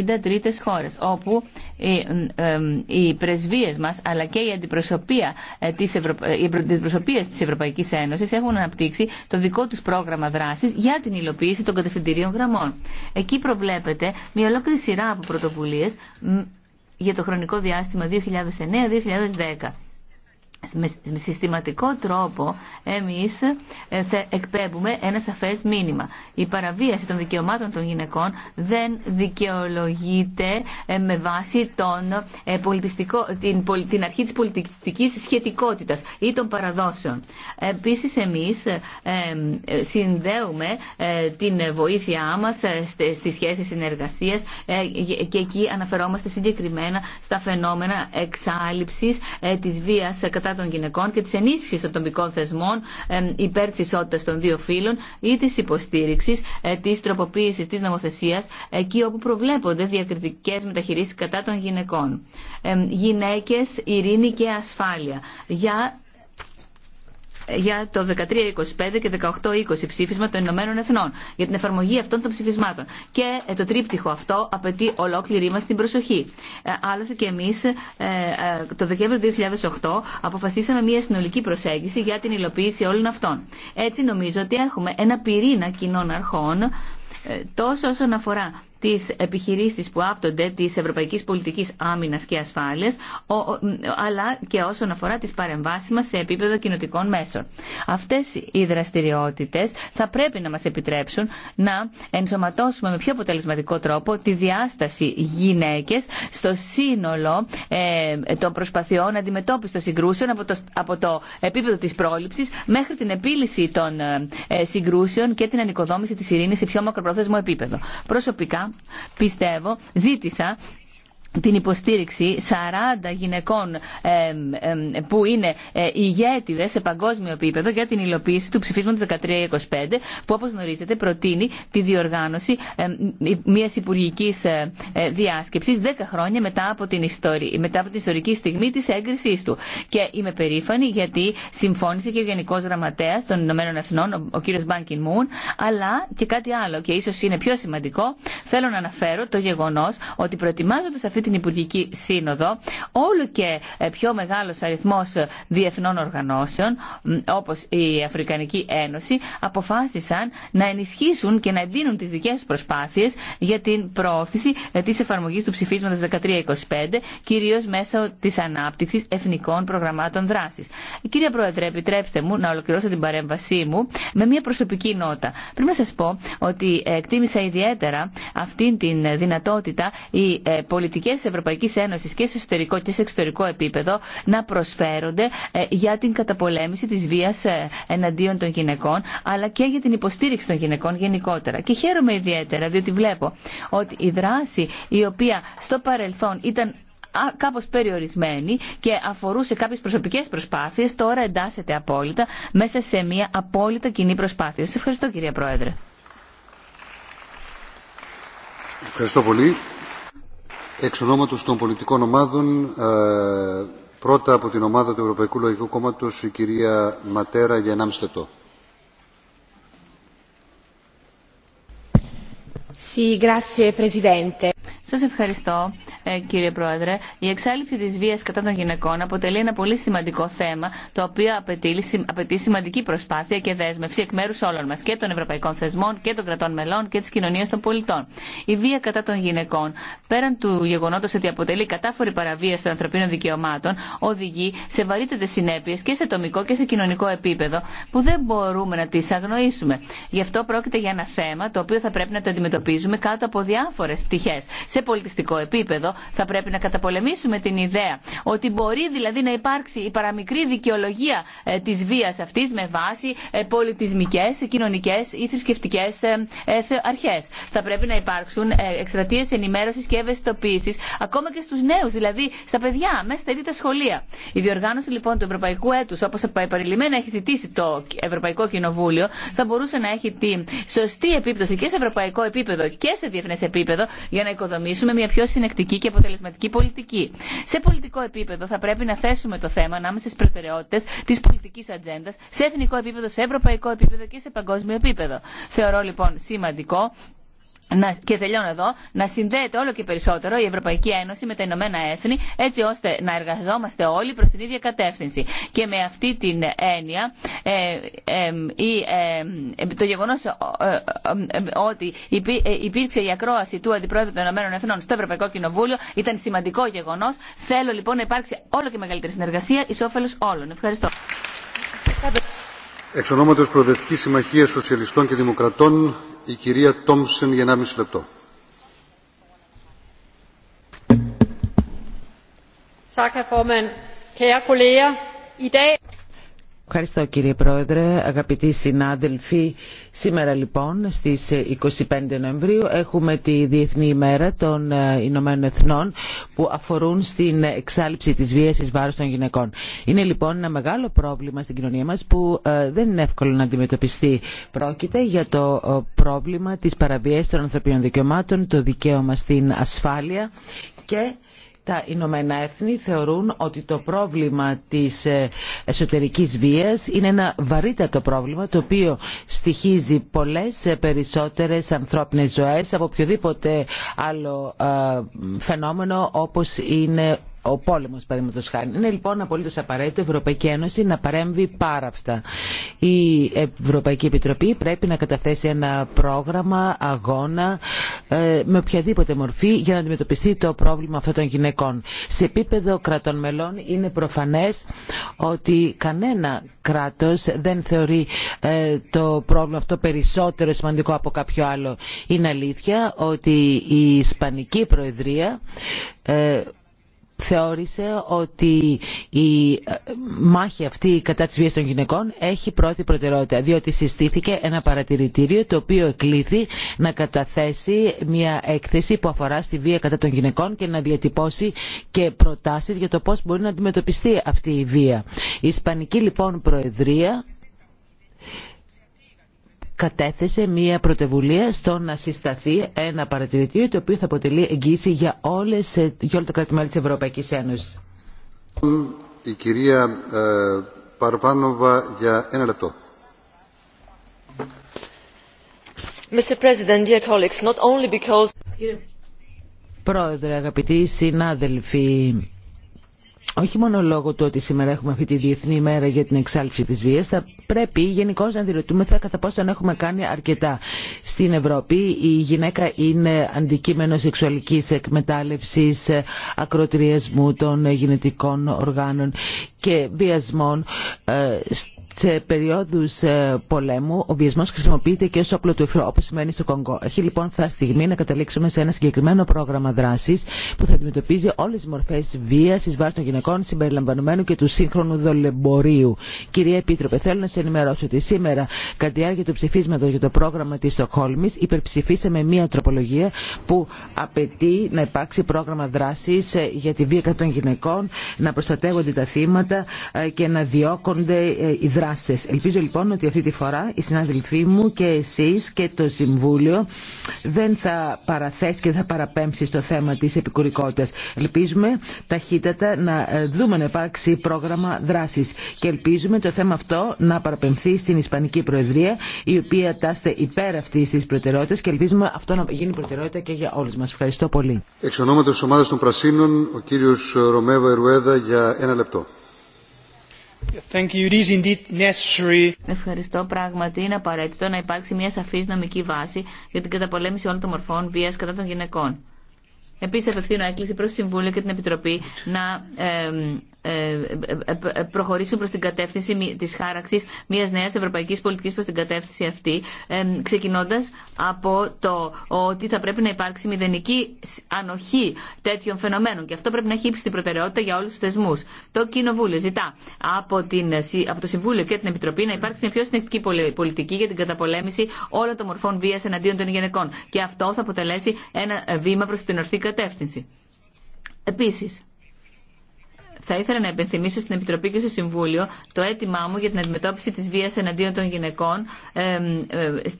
90 τρίτες χώρες όπου οι, ε, ε, οι πρεσβείες μας αλλά και η αντιπροσωπεία της, Ευρω... αντιπροσωπείας της Ευρωπαϊκής Ένωσης έχουν αναπτύξει το δικό τους πρόγραμμα δράσης για την υλοποίηση των κατευθυντηρίων γραμμών. Εκεί προβλέπεται μια ολόκληρη σειρά από πρωτοβουλίες για το χρονικό διάστημα 2009-2010 με συστηματικό τρόπο εμείς ε, θα εκπέμπουμε ένα σαφές μήνυμα. Η παραβίαση των δικαιωμάτων των γυναικών δεν δικαιολογείται ε, με βάση τον ε, πολιτιστικό, την, την αρχή της πολιτιστικής σχετικότητας ή των παραδόσεων. Επίσης εμείς συνδέουμε την βοήθειά μας στις σχέσεις συνεργασίας και εκεί αναφερόμαστε συγκεκριμένα στα φαινόμενα εξάλληψης της βίας κατά των γυναικών και τη ενίσχυση των τοπικών θεσμών υπέρ τη ισότητα των δύο φύλων ή τη υποστήριξη ε, τη τροποποίηση τη νομοθεσία εκεί όπου προβλέπονται διακριτικέ μεταχειρήσει κατά των γυναικών. Γυναίκε, ειρήνη και ασφάλεια. Για για το 1325 και 18-20 ψήφισμα των Ηνωμένων Εθνών για την εφαρμογή αυτών των ψηφισμάτων. Και ε, το τρίπτυχο αυτό απαιτεί ολόκληρη μα την προσοχή. Ε, άλλωστε και εμεί ε, το Δεκέμβριο 2008 αποφασίσαμε μια συνολική προσέγγιση για την υλοποίηση όλων αυτών. Έτσι νομίζω ότι έχουμε ένα πυρήνα κοινών αρχών τόσο όσον αφορά τις επιχειρήσεις που άπτονται της ευρωπαϊκής πολιτικής άμυνας και ασφάλειας, αλλά και όσον αφορά τις παρεμβάσει μας σε επίπεδο κοινοτικών μέσων. Αυτές οι δραστηριότητες θα πρέπει να μας επιτρέψουν να ενσωματώσουμε με πιο αποτελεσματικό τρόπο τη διάσταση γυναίκες στο σύνολο ε, των προσπαθειών αντιμετώπισης των συγκρούσεων από το, από το επίπεδο της πρόληψης μέχρι την επίλυση των ε, συγκρούσεων και την ανοικοδόμηση της ειρήνης σε πιο μακροπρόθεσμο επίπεδο. Προσωπικά πιστεύω, ζήτησα την υποστήριξη 40 γυναικών που είναι ε, ηγέτιδες σε παγκόσμιο επίπεδο για την υλοποίηση του ψηφίσματος 1325 που όπως γνωρίζετε προτείνει τη διοργάνωση μιας υπουργικής ε, ε, διάσκεψης 10 χρόνια μετά από την, ιστορική, μετά από την ιστορική στιγμή της έγκρισής του. Και είμαι περήφανη γιατί συμφώνησε και ο Γενικός Γραμματέας των Ηνωμένων Εθνών, ο κύριος Μπάνκιν Μουν, αλλά και κάτι άλλο και ίσως είναι πιο σημαντικό, θέλω να αναφέρω το γεγονός ότι προετοιμάζοντας αυτή την Υπουργική Σύνοδο όλο και ε, πιο μεγάλος αριθμός ε, διεθνών οργανώσεων όπως η Αφρικανική Ένωση αποφάσισαν να ενισχύσουν και να εντείνουν τις δικές τους προσπάθειες για την προώθηση ε, της εφαρμογής του ψηφίσματος 1325 κυρίως μέσω της ανάπτυξης εθνικών προγραμμάτων δράσης. Κύριε Πρόεδρε, επιτρέψτε μου να ολοκληρώσω την παρέμβασή μου με μια προσωπική νότα. Πρέπει να σας πω ότι εκτίμησα ιδιαίτερα αυτή την δυνατότητα οι πολιτικέ της Ευρωπαϊκής Ένωσης και σε εσωτερικό και σε εξωτερικό επίπεδο να προσφέρονται ε, για την καταπολέμηση της βίας ε, εναντίον των γυναικών αλλά και για την υποστήριξη των γυναικών γενικότερα. Και χαίρομαι ιδιαίτερα διότι βλέπω ότι η δράση η οποία στο παρελθόν ήταν κάπω περιορισμένη και αφορούσε κάποιε προσωπικέ προσπάθειε, τώρα εντάσσεται απόλυτα μέσα σε μια απόλυτα κοινή προσπάθεια. Σα ευχαριστώ, κυρία Πρόεδρε. Ευχαριστώ πολύ. Εξ ονόματος των πολιτικών ομάδων, ε, πρώτα από την ομάδα του Ευρωπαϊκού Λογικού Κόμματος, η κυρία Ματέρα για 1,5 λεπτό. Sì, grazie Presidente. Σας ευχαριστώ ε, κύριε Πρόεδρε. Η εξάλληψη της βίας κατά των γυναικών αποτελεί ένα πολύ σημαντικό θέμα το οποίο απαιτεί, απαιτεί σημαντική προσπάθεια και δέσμευση εκ μέρους όλων μας και των ευρωπαϊκών θεσμών και των κρατών μελών και της κοινωνίας των πολιτών. Η βία κατά των γυναικών πέραν του γεγονότος ότι αποτελεί κατάφορη παραβίαση των ανθρωπίνων δικαιωμάτων οδηγεί σε βαρύτερες συνέπειες και σε τομικό και σε κοινωνικό επίπεδο που δεν μπορούμε να τις αγνοήσουμε. Γι' αυτό πρόκειται για ένα θέμα το οποίο θα πρέπει να το αντιμετωπίζουμε κάτω από διάφορες πτυχές σε πολιτιστικό επίπεδο. Θα πρέπει να καταπολεμήσουμε την ιδέα ότι μπορεί δηλαδή να υπάρξει η παραμικρή δικαιολογία ε, της βίας αυτής με βάση ε, πολιτισμικές, κοινωνικές ή θρησκευτικέ ε, αρχές. Θα πρέπει να υπάρξουν εκστρατείες ενημέρωσης και ευαισθητοποίησης ακόμα και στους νέους, δηλαδή στα παιδιά, μέσα στα ίδια τα σχολεία. Η διοργάνωση λοιπόν του Ευρωπαϊκού Έτους, όπως επαρελειμμένα έχει ζητήσει το Ευρωπαϊκό Κοινοβούλιο, θα μπορούσε να έχει τη σωστή επίπτωση και σε ευρωπαϊκό επίπεδο και σε διεθνές επίπεδο για να οικοδομήσουμε μια πιο συνεκτική και αποτελεσματική πολιτική. Σε πολιτικό επίπεδο θα πρέπει να θέσουμε το θέμα ανάμεσα στι προτεραιότητε τη πολιτική ατζέντα σε εθνικό επίπεδο, σε ευρωπαϊκό επίπεδο και σε παγκόσμιο επίπεδο. Θεωρώ λοιπόν σημαντικό και τελειώνω εδώ, να συνδέεται όλο και περισσότερο η Ευρωπαϊκή Ένωση με τα Ηνωμένα Έθνη, έτσι ώστε να εργαζόμαστε όλοι προς την ίδια κατεύθυνση. Και με αυτή την έννοια, ε, ε, ε, το γεγονός ότι υπήρξε η ακρόαση του Αντιπρόεδρου των Ηνωμένων Εθνών στο Ευρωπαϊκό Κοινοβούλιο ήταν σημαντικό γεγονός. Θέλω λοιπόν να υπάρξει όλο και μεγαλύτερη συνεργασία εις όφελος όλων. Ευχαριστώ. Σοσιαλιστών και Δημοκρατών, η κυρία Τόμσεν για μισό λεπτό. Tak, herr Kære kolleger, i dag Ευχαριστώ κύριε Πρόεδρε, αγαπητοί συνάδελφοι. Σήμερα λοιπόν στις 25 ε, Νοεμβρίου έχουμε τη Διεθνή ημέρα των ε, Ηνωμένων Εθνών που αφορούν στην εξάλληψη της βίας εις βάρος των γυναικών. Είναι λοιπόν ένα μεγάλο πρόβλημα στην κοινωνία μας που ε, δεν είναι εύκολο να αντιμετωπιστεί. Πρόκειται για το πρόβλημα της παραβίασης των ανθρωπίνων δικαιωμάτων, το δικαίωμα στην ασφάλεια και τα Ηνωμένα Έθνη θεωρούν ότι το πρόβλημα της ε, εσωτερικής βίας είναι ένα βαρύτατο πρόβλημα το οποίο στοιχίζει πολλές ε, περισσότερες ανθρώπινες ζωές από οποιοδήποτε άλλο ε, φαινόμενο όπως είναι ο πόλεμο, παραδείγματο χάρη. Είναι λοιπόν απολύτω απαραίτητο η Ευρωπαϊκή Ένωση να παρέμβει πάρα αυτά. Η Ευρωπαϊκή Επιτροπή πρέπει να καταθέσει ένα πρόγραμμα αγώνα ε, με οποιαδήποτε μορφή για να αντιμετωπιστεί το πρόβλημα αυτών των γυναικών. Σε επίπεδο κρατών μελών είναι προφανέ ότι κανένα κράτο δεν θεωρεί ε, το πρόβλημα αυτό περισσότερο σημαντικό από κάποιο άλλο. Είναι αλήθεια ότι η Ισπανική Προεδρία ε, θεώρησε ότι η ε, μάχη αυτή κατά της βίας των γυναικών έχει πρώτη προτεραιότητα διότι συστήθηκε ένα παρατηρητήριο το οποίο εκλήθη να καταθέσει μια έκθεση που αφορά στη βία κατά των γυναικών και να διατυπώσει και προτάσεις για το πώς μπορεί να αντιμετωπιστεί αυτή η βία. Η Ισπανική λοιπόν Προεδρία κατέθεσε μία πρωτοβουλία στο να συσταθεί ένα παρατηρητήριο το οποίο θα αποτελεί εγγύηση για, όλες, για όλα τα κράτη-μέλη της Ευρωπαϊκής Ένωσης. Η κυρία ε, Παρβάνοβα για ένα λεπτό. Mr. President, dear colleagues, not only because... Πρόεδρε, αγαπητοί συνάδελφοι, όχι μόνο λόγω του ότι σήμερα έχουμε αυτή τη Διεθνή Μέρα για την Εξάλληψη της Βίας, θα πρέπει γενικώ να θα κατά πόσο έχουμε κάνει αρκετά. Στην Ευρώπη η γυναίκα είναι αντικείμενο σεξουαλικής εκμετάλλευσης, ακροτριασμού των γενετικών οργάνων και βιασμών ε, σε περιόδου ε, πολέμου ο βιασμό χρησιμοποιείται και ω όπλο του εχθρού, όπω σημαίνει στο Κονγκό. Έχει λοιπόν φτάσει στιγμή να καταλήξουμε σε ένα συγκεκριμένο πρόγραμμα δράση που θα αντιμετωπίζει όλε τι μορφέ βία ει βάρο των γυναικών συμπεριλαμβανομένου και του σύγχρονου δολεμπορίου. Κυρία Επίτροπε, θέλω να σε ενημερώσω ότι σήμερα, κατά τη διάρκεια του ψηφίσματο για το πρόγραμμα τη Στοχόλμη, υπερψηφίσαμε μία τροπολογία που απαιτεί να υπάρξει πρόγραμμα δράση ε, για τη βία των γυναικών, να προστατεύονται τα θύματα ε, και να διώκονται οι δράστες. Ελπίζω λοιπόν ότι αυτή τη φορά οι συναδελφοί μου και εσείς και το Συμβούλιο δεν θα παραθέσει και θα παραπέμψει στο θέμα της επικουρικότητας. Ελπίζουμε ταχύτατα να ε, δούμε να υπάρξει πρόγραμμα δράσης και ελπίζουμε το θέμα αυτό να παραπεμφθεί στην Ισπανική Προεδρία η οποία τάστε υπέρ αυτής της προτεραιότητας και ελπίζουμε αυτό να γίνει προτεραιότητα και για όλους μας. Ευχαριστώ πολύ. Εξ ονόματος ομάδας των Πρασίνων, ο κύριος Ρωμέβα Ερουέδα για ένα λεπτό. Ευχαριστώ. Πράγματι είναι απαραίτητο να υπάρξει μια σαφή νομική βάση για την καταπολέμηση όλων των μορφών βία κατά των γυναικών. Επίση, απευθύνω έκκληση προ το Συμβούλιο και την Επιτροπή να ε, ε, ε, προχωρήσουν προ την κατεύθυνση τη χάραξη μια νέα ευρωπαϊκή πολιτική προ την κατεύθυνση αυτή, ξεκινώντα από το ότι θα πρέπει να υπάρξει μηδενική ανοχή τέτοιων φαινομένων. Και αυτό πρέπει να έχει την προτεραιότητα για όλου του θεσμού. Το Κοινοβούλιο ζητά από, την, από το Συμβούλιο και την Επιτροπή να υπάρξει μια πιο συνεκτική πολιτική για την καταπολέμηση όλων των μορφών βία εναντίον των γυναικών. Και αυτό θα αποτελέσει ένα βήμα προ την ορθή κατεύθυνση. Επίσης, θα ήθελα να επενθυμίσω στην Επιτροπή και στο Συμβούλιο το αίτημά μου για την αντιμετώπιση τη βία εναντίον των γυναικών ε,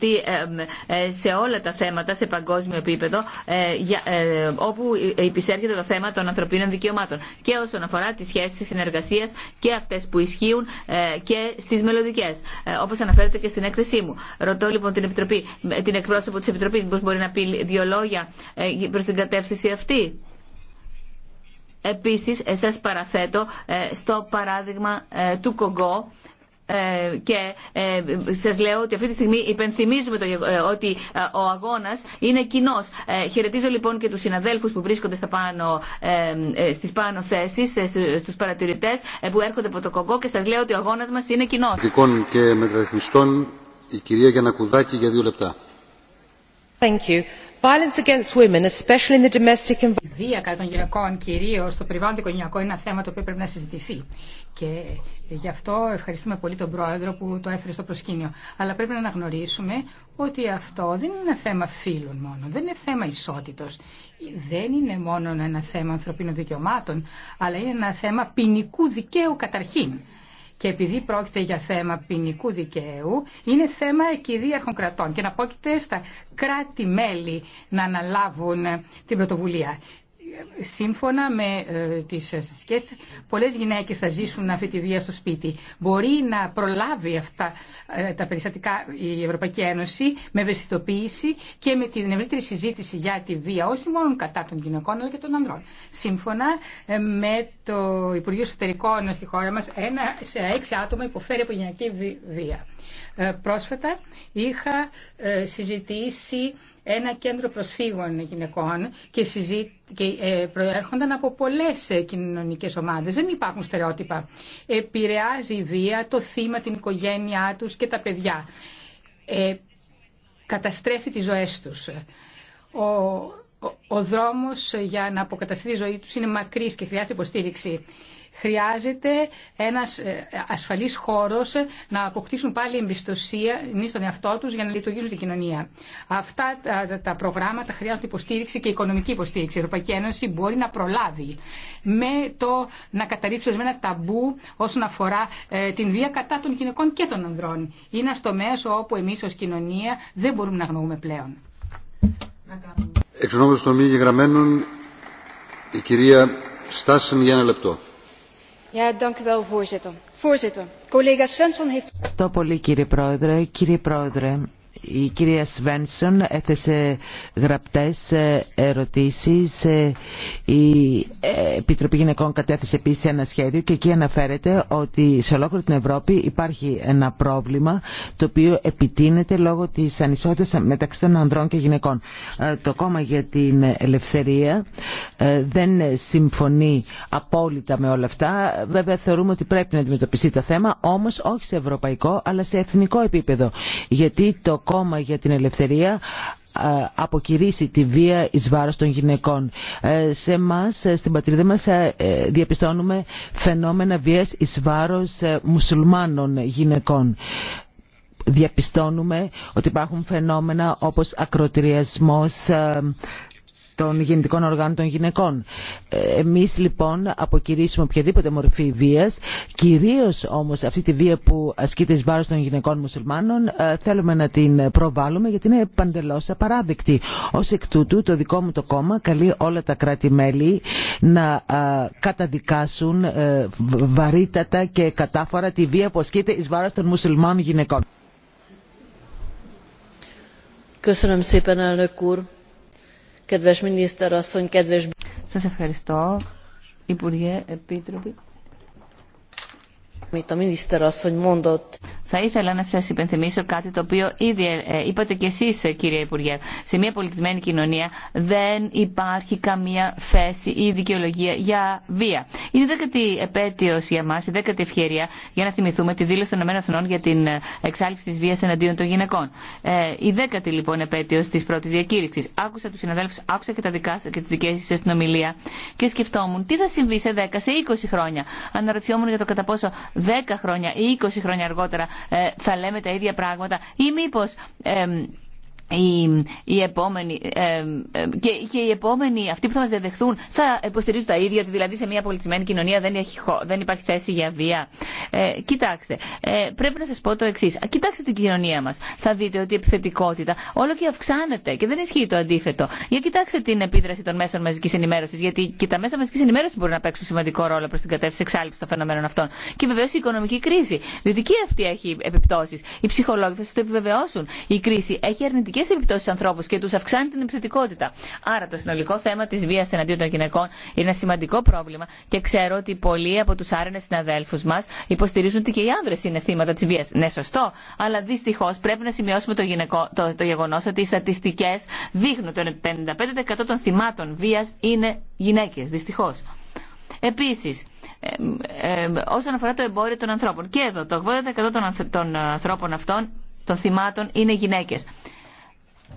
σε όλα τα θέματα σε παγκόσμιο επίπεδο ε, ε, όπου υπησέρχεται το θέμα των ανθρωπίνων δικαιωμάτων και όσον αφορά τι σχέσει συνεργασία και αυτέ που ισχύουν και στι μελλοντικέ. Όπω αναφέρεται και στην έκθεσή μου. Ρωτώ λοιπόν την, Επιτροπή, την εκπρόσωπο τη Επιτροπή, μπορεί να πει δύο λόγια προ την κατεύθυνση αυτή. Επίσης, σας παραθέτω ε, στο παράδειγμα ε, του Κογκό ε, και σας λέω ότι αυτή τη στιγμή υπενθυμίζουμε το, ότι ο αγώνας είναι κοινό. χαιρετίζω λοιπόν και τους συναδέλφους που βρίσκονται στα πάνω, στις πάνω θέσεις, στους παρατηρητές που έρχονται από το Κογκό και σας λέω ότι ο αγώνας μας είναι κοινό. και η κυρία για λεπτά. Thank you. Violence against women, especially in the domestic environment. Η βία κατά των γυναικών, κυρίω στο περιβάλλον είναι ένα θέμα το οποίο πρέπει να συζητηθεί. Και γι' αυτό ευχαριστούμε πολύ τον Πρόεδρο που το έφερε στο προσκήνιο. Αλλά πρέπει να αναγνωρίσουμε ότι αυτό δεν είναι ένα θέμα φίλων μόνο, δεν είναι θέμα ισότητο. Δεν είναι μόνο ένα θέμα ανθρωπίνων δικαιωμάτων, αλλά είναι ένα θέμα ποινικού δικαίου καταρχήν και επειδή πρόκειται για θέμα ποινικού δικαίου, είναι θέμα κυρίαρχων κρατών και να πρόκειται στα κράτη-μέλη να αναλάβουν την πρωτοβουλία σύμφωνα με ε, τις στατιστικές πολλές γυναίκες θα ζήσουν αυτή τη βία στο σπίτι. Μπορεί να προλάβει αυτά ε, τα περιστατικά η Ευρωπαϊκή Ένωση με ευαισθητοποίηση και με την ευρύτερη συζήτηση για τη βία όχι μόνο κατά των γυναικών αλλά και των ανδρών. Σύμφωνα ε, με το Υπουργείο Εσωτερικών στη χώρα μας ένα σε έξι άτομα υποφέρει από γυναική βία. Πρόσφατα είχα συζητήσει ένα κέντρο προσφύγων γυναικών και, συζή... και ε, προέρχονταν από πολλές ε, κοινωνικές ομάδες. Δεν υπάρχουν στερεότυπα. Επηρεάζει η βία, το θύμα, την οικογένειά τους και τα παιδιά. Ε, καταστρέφει τις ζωές τους. Ο, ο, δρόμος για να αποκαταστεί τη ζωή τους είναι μακρύς και χρειάζεται υποστήριξη. Χρειάζεται ένας ε, ασφαλής χώρος να αποκτήσουν πάλι εμπιστοσύνη στον εαυτό τους για να λειτουργήσουν την κοινωνία. Αυτά τα προγράμματα χρειάζονται υποστήριξη και οικονομική υποστήριξη. Η Ευρωπαϊκή Ένωση μπορεί να προλάβει με το να καταρρύψει ορισμένα ταμπού όσον αφορά ε, την βία κατά των γυναικών και των ανδρών. Είναι στο μέσο όπου εμεί ω κοινωνία δεν μπορούμε να γνωρούμε πλέον. Εξ των μη γεγραμμένων, η κυρία Στάσεν για ένα λεπτό. Ευχαριστώ πολύ κύριε Πρόεδρε. Κύριε Πρόεδρε, η κυρία Σβένσον έθεσε γραπτές ε, ερωτήσεις. Ε, η ε, Επιτροπή Γυναικών κατέθεσε επίσης ένα σχέδιο και εκεί αναφέρεται ότι σε ολόκληρη την Ευρώπη υπάρχει ένα πρόβλημα το οποίο επιτείνεται λόγω της ανισότητας μεταξύ των ανδρών και γυναικών. Το κόμμα για την ελευθερία δεν συμφωνεί απόλυτα με όλα αυτά. Βέβαια θεωρούμε ότι πρέπει να αντιμετωπιστεί το θέμα, όμως όχι σε ευρωπαϊκό αλλά σε εθνικό επίπεδο. Γιατί το κόμμα για την ελευθερία ε, αποκηρύσει τη βία εις βάρος των γυναικών. Ε, σε μας ε, στην πατρίδα μας, διαπιστώνουμε φαινόμενα βίας εις βάρος μουσουλμάνων γυναικών διαπιστώνουμε ότι υπάρχουν φαινόμενα όπως ακροτηριασμός των γεννητικών οργάνων των γυναικών. Ε, εμείς λοιπόν αποκηρύσουμε οποιαδήποτε μορφή βίας, κυρίως όμως αυτή τη βία που ασκείται εις βάρος των γυναικών μουσουλμάνων ε, θέλουμε να την προβάλλουμε γιατί είναι παντελώς απαράδεκτη. Ως εκ τούτου το δικό μου το κόμμα καλεί όλα τα κράτη-μέλη να ε, καταδικάσουν βαρύτατα και κατάφορα τη βία που ασκείται εις βάρος των μουσουλμάνων γυναικών. Köszönöm szépen, elnök Kedves miniszter asszony, kedves... Σας ευχαριστώ, Υπουργέ Επίτροπη. Amit a miniszter asszony mondott. Θα ήθελα να σα υπενθυμίσω κάτι το οποίο ήδη ε, είπατε κι εσεί, ε, κύριε Υπουργέ. Σε μια πολιτισμένη κοινωνία δεν υπάρχει καμία θέση ή δικαιολογία για βία. Είναι η δέκατη η δεκατη επέτειο για μα, η δέκατη ευκαιρία για να θυμηθούμε τη δήλωση των ΗΠΑ για την ε, εξάλληψη τη βία εναντίον των γυναικών. η δέκατη λοιπόν επέτειο τη πρώτη διακήρυξη. Άκουσα του συναδέλφου, άκουσα και τα δικά σα και τι δικέ σα στην ομιλία και σκεφτόμουν τι θα συμβεί σε 10, σε 20 χρόνια. Αναρωτιόμουν για το κατά πόσο 10 χρόνια ή 20 χρόνια αργότερα ε, θα λέμε τα ίδια πράγματα ή μήπως η, ε, ε και, οι επόμενοι, αυτοί που θα μας διαδεχθούν θα υποστηρίζουν τα ίδια, ότι δηλαδή σε μια πολιτισμένη κοινωνία δεν, έχει, δεν υπάρχει θέση για βία. Ε, κοιτάξτε, ε, πρέπει να σας πω το εξή. Κοιτάξτε την κοινωνία μας. Θα δείτε ότι η επιθετικότητα όλο και αυξάνεται και δεν ισχύει το αντίθετο. Για κοιτάξτε την επίδραση των μέσων μαζικής ενημέρωσης, γιατί και τα μέσα μαζικής ενημέρωσης μπορούν να παίξουν σημαντικό ρόλο προς την κατεύθυνση εξάλληψη των φαινομένων αυτών. Και βεβαίως η οικονομική κρίση, διότι και αυτή έχει επιπτώσεις. Οι ψυχολόγοι θα το επιβεβαιώσουν. Η κρίση έχει αρνητική αρνητικέ επιπτώσει ανθρώπου και του αυξάνει την επιθετικότητα. Άρα το συνολικό θέμα τη βία εναντίον των γυναικών είναι ένα σημαντικό πρόβλημα και ξέρω ότι πολλοί από του άρενε συναδέλφου μα υποστηρίζουν ότι και οι άνδρε είναι θύματα τη βία. Ναι, σωστό, αλλά δυστυχώ πρέπει να σημειώσουμε το, γυναικό, το, το γεγονό ότι οι στατιστικέ δείχνουν ότι το 55% των θυμάτων βία είναι γυναίκε. Δυστυχώ. Επίση, ε, ε, όσον αφορά το εμπόριο των ανθρώπων, και εδώ το 80% των, των ανθρώπων αυτών, των θυμάτων, είναι γυναίκε.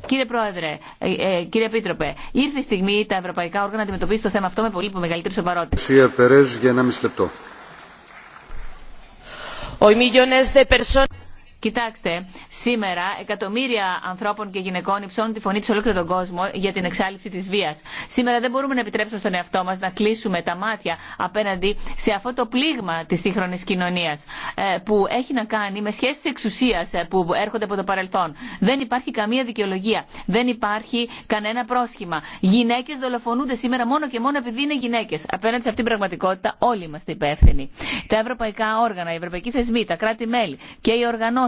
Κύριε Πρόεδρε, ε, ε, κύριε Επίτροπε, ήρθε η στιγμή τα ευρωπαϊκά όργανα να αντιμετωπίσουν το θέμα αυτό με πολύ μεγαλύτερη σοβαρότητα. Περέζ, για μισή λεπτό. Κοιτάξτε, σήμερα εκατομμύρια ανθρώπων και γυναικών υψώνουν τη φωνή του ολόκληρο τον κόσμο για την εξάλληψη τη βία. Σήμερα δεν μπορούμε να επιτρέψουμε στον εαυτό μα να κλείσουμε τα μάτια απέναντι σε αυτό το πλήγμα τη σύγχρονη κοινωνία ε, που έχει να κάνει με σχέσει εξουσία ε, που έρχονται από το παρελθόν. Δεν υπάρχει καμία δικαιολογία. Δεν υπάρχει κανένα πρόσχημα. Γυναίκε δολοφονούνται σήμερα μόνο και μόνο επειδή είναι γυναίκε. Απέναντι σε αυτήν την πραγματικότητα όλοι είμαστε υπεύθυνοι. Τα ευρωπαϊκά όργανα, οι ευρωπαϊκοί θεσμοί, τα κράτη-μέλη και οι οργανώσει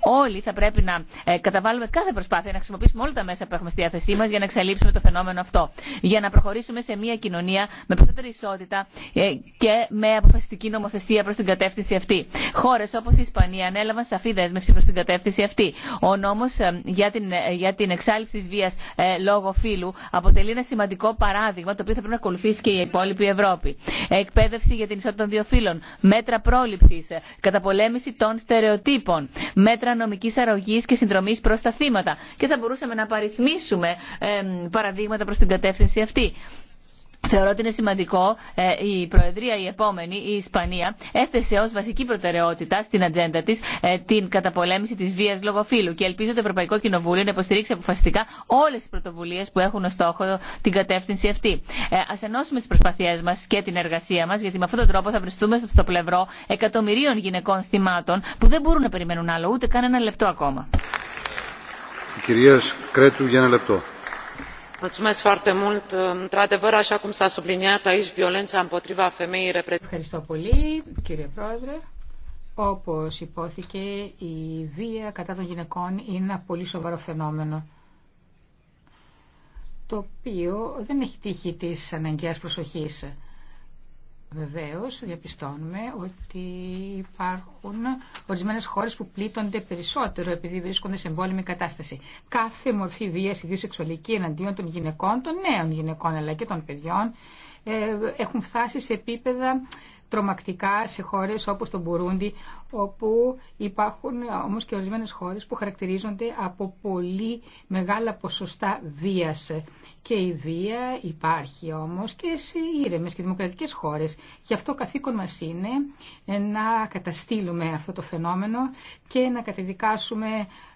Όλοι θα πρέπει να ε, καταβάλουμε κάθε προσπάθεια να χρησιμοποιήσουμε όλα τα μέσα που έχουμε στη διάθεσή μα για να εξαλείψουμε το φαινόμενο αυτό. Για να προχωρήσουμε σε μια κοινωνία με περισσότερη ισότητα ε, και με αποφασιστική νομοθεσία προ την κατεύθυνση αυτή. Χώρε όπω η Ισπανία ανέλαβαν σαφή δέσμευση προ την κατεύθυνση αυτή. Ο νόμο ε, για, την, για την εξάλληψη τη βία λόγω φύλου αποτελεί ένα σημαντικό παράδειγμα το οποίο θα πρέπει να ακολουθήσει και η υπόλοιπη Ευρώπη. Εκπαίδευση για την ισότητα των δύο φύλων, μέτρα πρόληψη, καταπολέμηση των στερεοτύπων, μέτρα νομικής αρρωγή και συνδρομής προ τα θύματα. Και θα μπορούσαμε να παριθμίσουμε παραδείγματα προ την κατεύθυνση αυτή. Θεωρώ ότι είναι σημαντικό ε, η Προεδρία, η επόμενη, η Ισπανία, έθεσε ω βασική προτεραιότητα στην ατζέντα τη ε, την καταπολέμηση τη βία λογοφύλου και ελπίζω το Ευρωπαϊκό Κοινοβούλιο να υποστηρίξει αποφασιστικά όλε τι πρωτοβουλίε που έχουν ως στόχο την κατεύθυνση αυτή. Ε, Α ενώσουμε τι προσπαθίε μα και την εργασία μα, γιατί με αυτόν τον τρόπο θα βριστούμε στο πλευρό εκατομμυρίων γυναικών θυμάτων που δεν μπορούν να περιμένουν άλλο ούτε καν ένα λεπτό ακόμα. Κρέτου για ένα λεπτό. Ευχαριστώ πολύ, κύριε Πρόεδρε. Όπω υπόθηκε, η βία κατά των γυναικών είναι ένα πολύ σοβαρό φαινόμενο, το οποίο δεν έχει τύχει της αναγκαία προσοχής. Βεβαίως διαπιστώνουμε ότι υπάρχουν ορισμένες χώρες που πλήττονται περισσότερο επειδή βρίσκονται σε εμπόλεμη κατάσταση. Κάθε μορφή βίας, ιδίως σεξουαλική, εναντίον των γυναικών, των νέων γυναικών αλλά και των παιδιών, ε, έχουν φτάσει σε επίπεδα τρομακτικά σε χώρες όπως το Μπουρούντι, όπου υπάρχουν όμως και ορισμένες χώρες που χαρακτηρίζονται από πολύ μεγάλα ποσοστά βίας. Και η βία υπάρχει όμως και σε ήρεμες και δημοκρατικές χώρες. Γι' αυτό καθήκον μας είναι να καταστήλουμε αυτό το φαινόμενο και να κατεδικάσουμε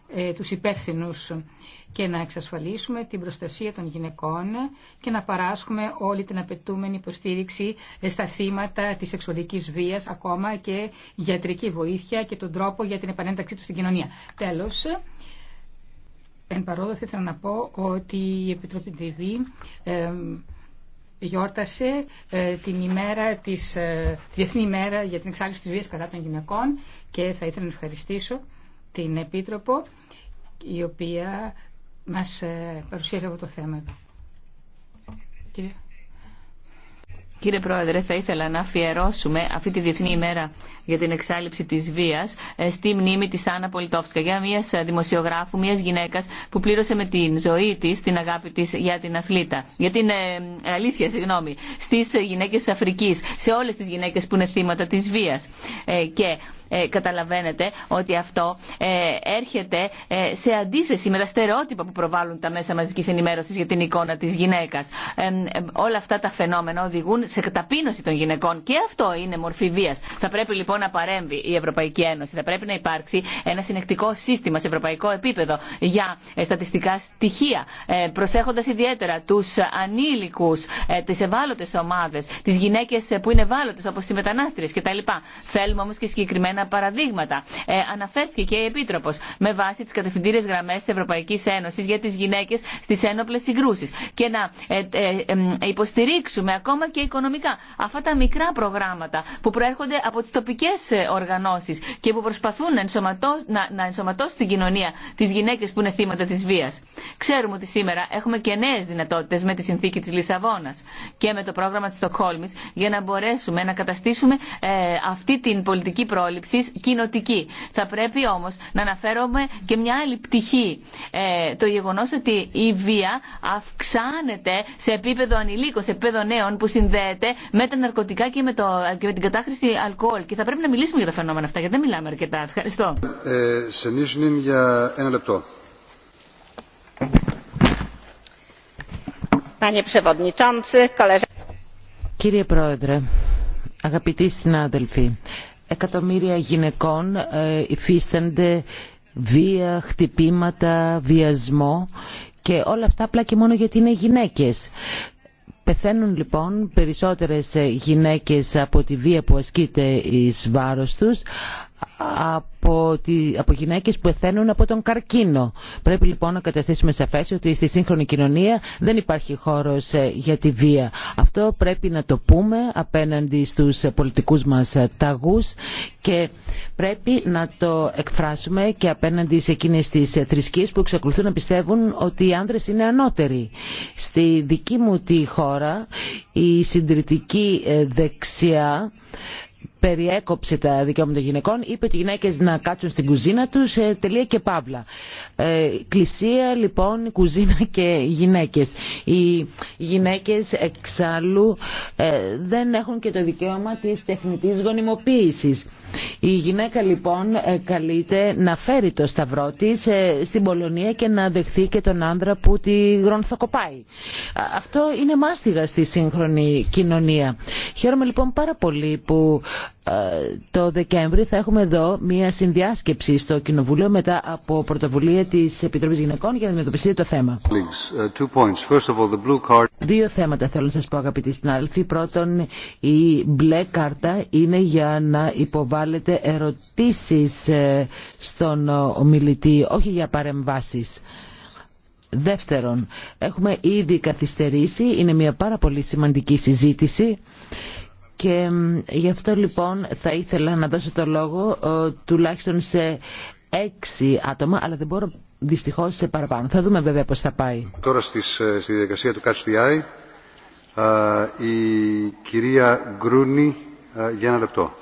ε, τους υπεύθυνους και να εξασφαλίσουμε την προστασία των γυναικών και να παράσχουμε όλη την απαιτούμενη υποστήριξη στα θύματα της σεξουαλικής βίας, ακόμα και γιατρική βοήθεια και τον τρόπο για την επανένταξή του στην κοινωνία. Τέλος, εν παρόδο θα ήθελα να πω ότι η Επιτροπή TV γιόρτασε ε, την ημέρα της, ε, Διεθνή ημέρα για την εξάλληψη της βίας κατά των γυναικών και θα ήθελα να ευχαριστήσω την Επίτροπο η οποία μας ε, παρουσίασε από το θέμα εδώ. Κύριε. Πρόεδρε, θα ήθελα να αφιερώσουμε αυτή τη Διεθνή ημέρα για την εξάλληψη τη βία ε, στη μνήμη τη Άννα Πολιτόφσκα, για μια ε, δημοσιογράφου, μια γυναίκα που πλήρωσε με την ζωή τη, την αγάπη της για την αθλήτα, για την αλήθεια, συγγνώμη, στις γυναίκες της σε όλε τι γυναίκε που είναι θύματα τη βία. και ε, καταλαβαίνετε ότι αυτό ε, έρχεται ε, σε αντίθεση με τα στερεότυπα που προβάλλουν τα μέσα μαζική ενημέρωση για την εικόνα της γυναίκας. Όλα αυτά τα φαινόμενα οδηγούν σε καταπίνωση των γυναικών και αυτό είναι μορφή βία. Θα πρέπει λοιπόν να παρέμβει η Ευρωπαϊκή Ένωση. Θα πρέπει να υπάρξει ένα συνεκτικό σύστημα σε ευρωπαϊκό επίπεδο για στατιστικά στοιχεία, προσέχοντας ιδιαίτερα τους ανήλικους, τι ευάλωτε ομάδε, τι γυναίκε που είναι ευάλωτε όπω οι μετανάστριε κτλ. Θέλουμε όμω και συγκεκριμένα συγκεκριμένα παραδείγματα. Ε, αναφέρθηκε και η Επίτροπο με βάση τι κατευθυντήριε γραμμέ τη Ευρωπαϊκή Ένωση για τι γυναίκε στι ένοπλε συγκρούσει. Και να ε, ε, υποστηρίξουμε ακόμα και οικονομικά αυτά τα μικρά προγράμματα που προέρχονται από τι τοπικέ ε, οργανώσει και που προσπαθούν να ενσωματώσουν, να, ενσωματώσουν στην κοινωνία τι γυναίκε που είναι θύματα τη βία. Ξέρουμε ότι σήμερα έχουμε και νέε δυνατότητε με τη συνθήκη τη Λισαβόνα και με το πρόγραμμα τη Στοκχόλμη για να μπορέσουμε να καταστήσουμε αυτή την πολιτική πρόληψη εξή κοινοτική. Θα πρέπει όμω να αναφέρομαι και μια άλλη πτυχή. Ε, το γεγονό ότι η βία αυξάνεται σε επίπεδο ανηλίκων, σε επίπεδο νέων που συνδέεται με τα ναρκωτικά και με, το, και με την κατάχρηση αλκοόλ. Και θα πρέπει να μιλήσουμε για τα φαινόμενα αυτά, γιατί δεν μιλάμε αρκετά. Ευχαριστώ. Ε, σε για ένα λεπτό. Κύριε Πρόεδρε, αγαπητοί συνάδελφοι, εκατομμύρια γυναικών ε, υφίστανται βία, χτυπήματα, βιασμό και όλα αυτά απλά και μόνο γιατί είναι γυναίκες. Πεθαίνουν λοιπόν περισσότερες γυναίκες από τη βία που ασκείται εις βάρος τους από, τη, από γυναίκες που εθαίνουν από τον καρκίνο. Πρέπει λοιπόν να καταστήσουμε σαφές ότι στη σύγχρονη κοινωνία δεν υπάρχει χώρος ε, για τη βία. Αυτό πρέπει να το πούμε απέναντι στους πολιτικούς μας ε, ταγούς και πρέπει να το εκφράσουμε και απέναντι σε εκείνες τις ε, θρησκείες που εξακολουθούν να πιστεύουν ότι οι άνδρες είναι ανώτεροι. Στη δική μου τη χώρα η συντηρητική δεξιά περιέκοψε τα δικαιώματα γυναικών, είπε ότι οι γυναίκες να κάτσουν στην κουζίνα τους, ε, τελεία και παύλα. Ε, Κλησία, λοιπόν, κουζίνα και γυναίκες. Οι γυναίκες εξάλλου ε, δεν έχουν και το δικαίωμα της τεχνητής γονιμοποίησης. Η γυναίκα λοιπόν καλείται να φέρει το σταυρό της στην Πολωνία και να δεχθεί και τον άνδρα που τη γρονθοκοπάει. Αυτό είναι μάστιγα στη σύγχρονη κοινωνία. Χαίρομαι λοιπόν πάρα πολύ που ε, το Δεκέμβρη θα έχουμε εδώ μια συνδιάσκεψη στο Κοινοβουλίο μετά από πρωτοβουλία της Επιτροπής Γυναικών για να αντιμετωπιστεί το θέμα. Uh, Δύο θέματα θέλω να σας πω αγαπητοί συνάδελφοι. Πρώτον, η μπλε κάρτα είναι για να υποβάλλετε ερωτήσεις ε, στον ομιλητή, όχι για παρεμβάσεις. Δεύτερον, έχουμε ήδη καθυστερήσει, είναι μια πάρα πολύ σημαντική συζήτηση και γι' αυτό λοιπόν θα ήθελα να δώσω το λόγο τουλάχιστον σε έξι άτομα, αλλά δεν μπορώ δυστυχώς σε παραπάνω. Θα δούμε βέβαια πώς θα πάει. Τώρα ε, στη διαδικασία του ΚΑΤΣΤΙΑΙ η κυρία Γκρούνη για ένα λεπτό.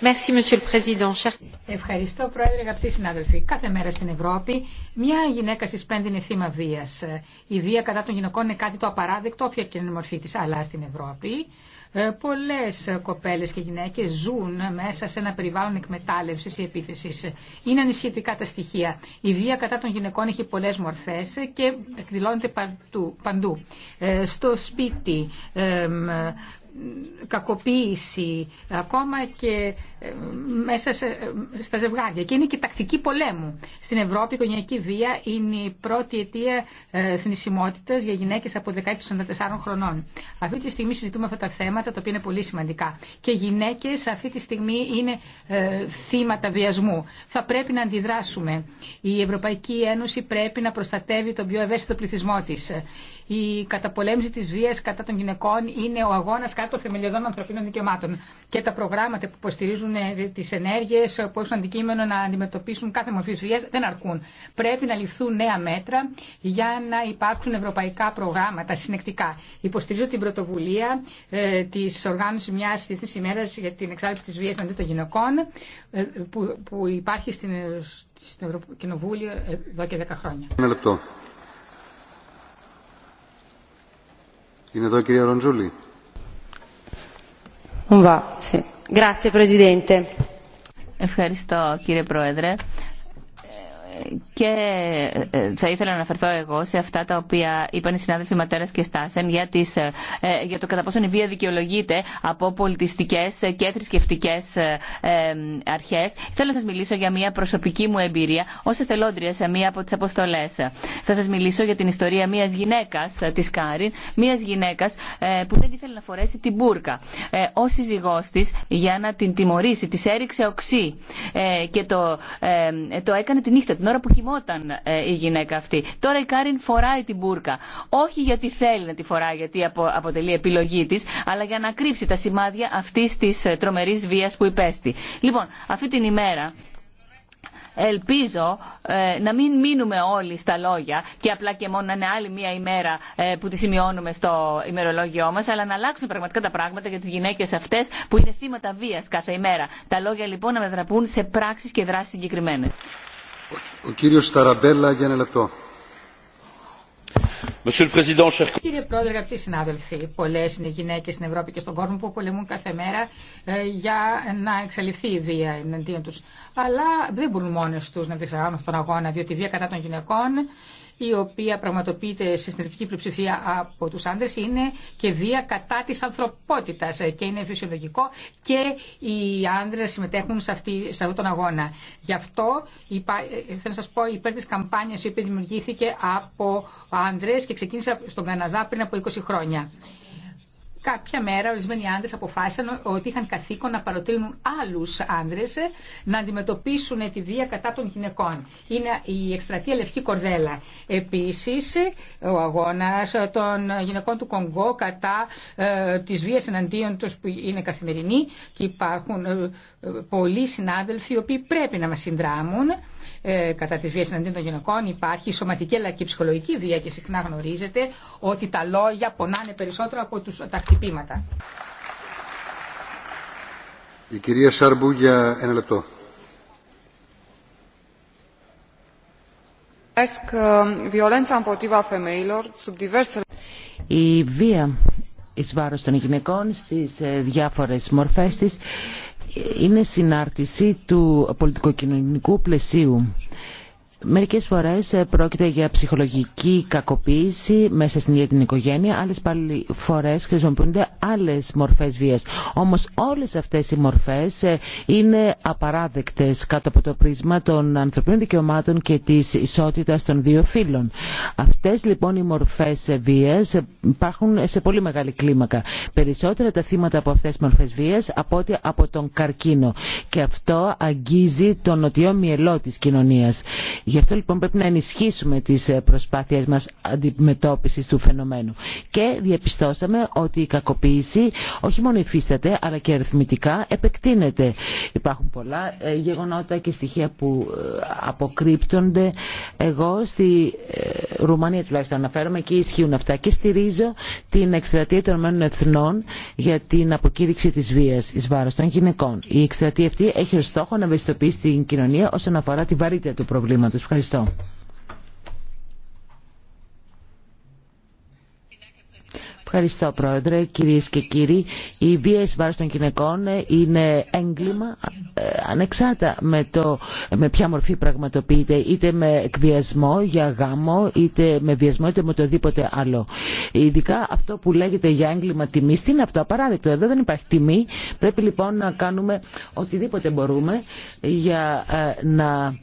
Ευχαριστώ, Πρόεδρε, αγαπητοί συνάδελφοι. Κάθε μέρα στην Ευρώπη μια γυναίκα στι πέντε είναι θύμα βία. Η βία κατά των γυναικών είναι κάτι το απαράδεκτο, όποια και είναι η μορφή τη. Αλλά στην Ευρώπη ε, Πολλέ κοπέλε και γυναίκε ζουν μέσα σε ένα περιβάλλον εκμετάλλευσης ή επίθεσης. Είναι ανησυχτικά τα στοιχεία. Η επιθεση ειναι ανησυχητικα τα κατά των γυναικών έχει πολλέ μορφέ και εκδηλώνεται παντού. Ε, στο σπίτι, ε, κακοποίηση ακόμα και ε, μέσα σε, ε, στα ζευγάρια και είναι και τακτική πολέμου. Στην Ευρώπη η κονιακή βία είναι η πρώτη αιτία ε, θνησιμότητας για γυναίκες από 16 10-14 χρονών. Αυτή τη στιγμή συζητούμε αυτά τα θέματα τα οποία είναι πολύ σημαντικά και γυναίκες αυτή τη στιγμή είναι θύματα βιασμού. Θα πρέπει να αντιδράσουμε. Η Ευρωπαϊκή Ένωση πρέπει να προστατεύει τον πιο ευαίσθητο πληθυσμό της η καταπολέμηση τη βία κατά των γυναικών είναι ο αγώνα κάτω των θεμελιωδών ανθρωπίνων δικαιωμάτων και τα προγράμματα που υποστηρίζουν ε, τι ενέργειε ε, που έχουν αντικείμενο να αντιμετωπίσουν κάθε μορφή βία, δεν αρκούν. Πρέπει να ληφθούν νέα μέτρα για να υπάρξουν ευρωπαϊκά προγράμματα συνεκτικά. Υποστηρίζω την πρωτοβουλία ε, της οργάνωσης μιας ημέρα για την εξάρτηση τη βία αντί των γυναικών ε, που, που, υπάρχει στην, στην Ευρωκοινοβούλιο εδώ και 10 χρόνια. Είναι εδώ η κυρία Ροντζούλη. Ευχαριστώ κύριε Πρόεδρε. Και ε, ε, θα ήθελα να αναφερθώ εγώ σε αυτά τα οποία είπαν οι συνάδελφοι Ματέρα και Στάσεν για, τις, ε, για το κατά πόσον η βία δικαιολογείται από πολιτιστικέ και θρησκευτικέ αρχέ. Θέλω να σα μιλήσω για μια προσωπική μου εμπειρία ω εθελόντρια σε μία από τι αποστολέ. Θα σα μιλήσω για την ιστορία μια γυναίκα τη Κάριν, μια γυναίκα που δεν ήθελε να φορέσει την μπουρκα. Ο σύζυγό τη για να την τιμωρήσει τη έριξε οξύ και το, το έκανε τη νύχτα, την ώρα που όταν ε, η γυναίκα αυτή. Τώρα η Κάριν φοράει την μπουρκα. Όχι γιατί θέλει να τη φοράει, γιατί αποτελεί επιλογή τη, αλλά για να κρύψει τα σημάδια αυτή τη ε, τρομερή βία που υπέστη. Λοιπόν, αυτή την ημέρα ελπίζω ε, να μην μείνουμε όλοι στα λόγια και απλά και μόνο να είναι άλλη μία ημέρα ε, που τη σημειώνουμε στο ημερολόγιο μα, αλλά να αλλάξουν πραγματικά τα πράγματα για τι γυναίκε αυτέ που είναι θύματα βία κάθε ημέρα. Τα λόγια λοιπόν να μετατραπούν σε πράξει και δράσει συγκεκριμένε. Ο κύριος Σταραμπέλα, για ένα λεπτό. Κύριε Πρόεδρε, αγαπητοί συνάδελφοι, πολλέ είναι οι γυναίκε στην Ευρώπη και στον κόσμο που πολεμούν κάθε μέρα ε, για να εξαλειφθεί η βία εναντίον του. Αλλά δεν μπορούν μόνε του να διεξαγάγουν αυτόν τον αγώνα, διότι η βία κατά των γυναικών η οποία πραγματοποιείται σε συντριπτική πλειοψηφία από τους άντρε είναι και βία κατά της ανθρωπότητας και είναι φυσιολογικό και οι άντρε συμμετέχουν σε, αυτή, σε αυτόν τον αγώνα. Γι' αυτό ε, ε, θέλω να σας πω υπέρ τη καμπάνιας η οποία δημιουργήθηκε από άντρε και ξεκίνησε στον Καναδά πριν από 20 χρόνια κάποια μέρα ορισμένοι άντρε αποφάσισαν ότι είχαν καθήκον να παροτρύνουν άλλου άντρε να αντιμετωπίσουν τη βία κατά των γυναικών. Είναι η εκστρατεία Λευκή Κορδέλα. Επίση, ο αγώνα των γυναικών του Κονγκό κατά ε, της βίας εναντίον του που είναι καθημερινή και υπάρχουν ε, πολλοί συνάδελφοι οι οποίοι πρέπει να μα συνδράμουν ε, κατά τη βία εναντίον των γυναικών υπάρχει σωματική αλλά και ψυχολογική βία και συχνά γνωρίζετε ότι τα λόγια πονάνε περισσότερο από του τακτικού χτυπήματα. Η κυρία Σάρμπου για ένα λεπτό. Um, Η βία εις βάρος των γυναικών στις ε, διάφορες μορφές της ε, είναι συνάρτηση του πολιτικοκοινωνικού πλαισίου. Μερικές φορές ε, πρόκειται για ψυχολογική κακοποίηση μέσα στην ίδια την οικογένεια, άλλες πάλι φορές χρησιμοποιούνται άλλες μορφές βίας. Όμως όλες αυτές οι μορφές ε, είναι απαράδεκτες κάτω από το πρίσμα των ανθρωπίνων δικαιωμάτων και της ισότητας των δύο φύλων. Αυτές λοιπόν οι μορφές ε, βίας υπάρχουν σε πολύ μεγάλη κλίμακα. Περισσότερα τα θύματα από αυτές τις μορφές βίας από ό,τι από τον καρκίνο. Και αυτό αγγίζει τον οτιό μυελό της κοινωνίας Γι' αυτό λοιπόν πρέπει να ενισχύσουμε τις ε, προσπάθειες μας αντιμετώπισης του φαινομένου. Και διαπιστώσαμε ότι η κακοποίηση όχι μόνο υφίσταται αλλά και αριθμητικά επεκτείνεται. Υπάρχουν πολλά ε, γεγονότα και στοιχεία που ε, αποκρύπτονται. Εγώ στη Ρουμανία τουλάχιστον αναφέρομαι και ισχύουν αυτά και στηρίζω την εκστρατεία των Εθνών για την αποκήρυξη της βίας εις βάρος των γυναικών. Η εκστρατεία αυτή έχει ως στόχο να ευαισθητοποιήσει την κοινωνία όσον αφορά τη βαρύτητα του προβλήματο. Σας Ευχαριστώ. Ευχαριστώ Πρόεδρε, κυρίες και κύριοι. Η βία εις βάρος των γυναικών είναι έγκλημα ε, ανεξάρτητα με, το, με ποια μορφή πραγματοποιείται, είτε με εκβιασμό για γάμο, είτε με βιασμό, είτε με οτιδήποτε άλλο. Ειδικά αυτό που λέγεται για έγκλημα τιμή, είναι αυτό, απαράδεκτο. Εδώ δεν υπάρχει τιμή. Πρέπει λοιπόν να κάνουμε οτιδήποτε μπορούμε για ε, να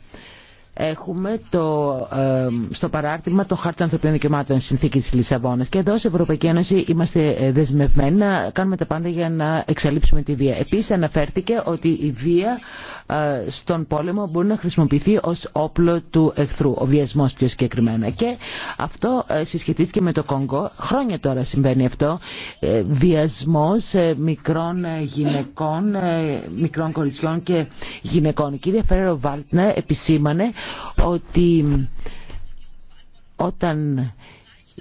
έχουμε το, ε, στο παράρτημα το Χάρτη Ανθρωπίνων Δικαιωμάτων Συνθήκη τη Λισαβόνα. Και εδώ, σε Ευρωπαϊκή Ένωση, είμαστε ε, δεσμευμένοι να κάνουμε τα πάντα για να εξαλείψουμε τη βία. Επίση, αναφέρθηκε ότι η βία ε, στον πόλεμο μπορεί να χρησιμοποιηθεί ω όπλο του εχθρού, ο βιασμό πιο συγκεκριμένα. Και αυτό ε, συσχετίστηκε με το Κονγκό. Χρόνια τώρα συμβαίνει αυτό. Ε, βιασμό ε, μικρών γυναικών, μικρών κοριτσιών και γυναικών. Η κυρία Φέρερο Βάλτνε επισήμανε ότι όταν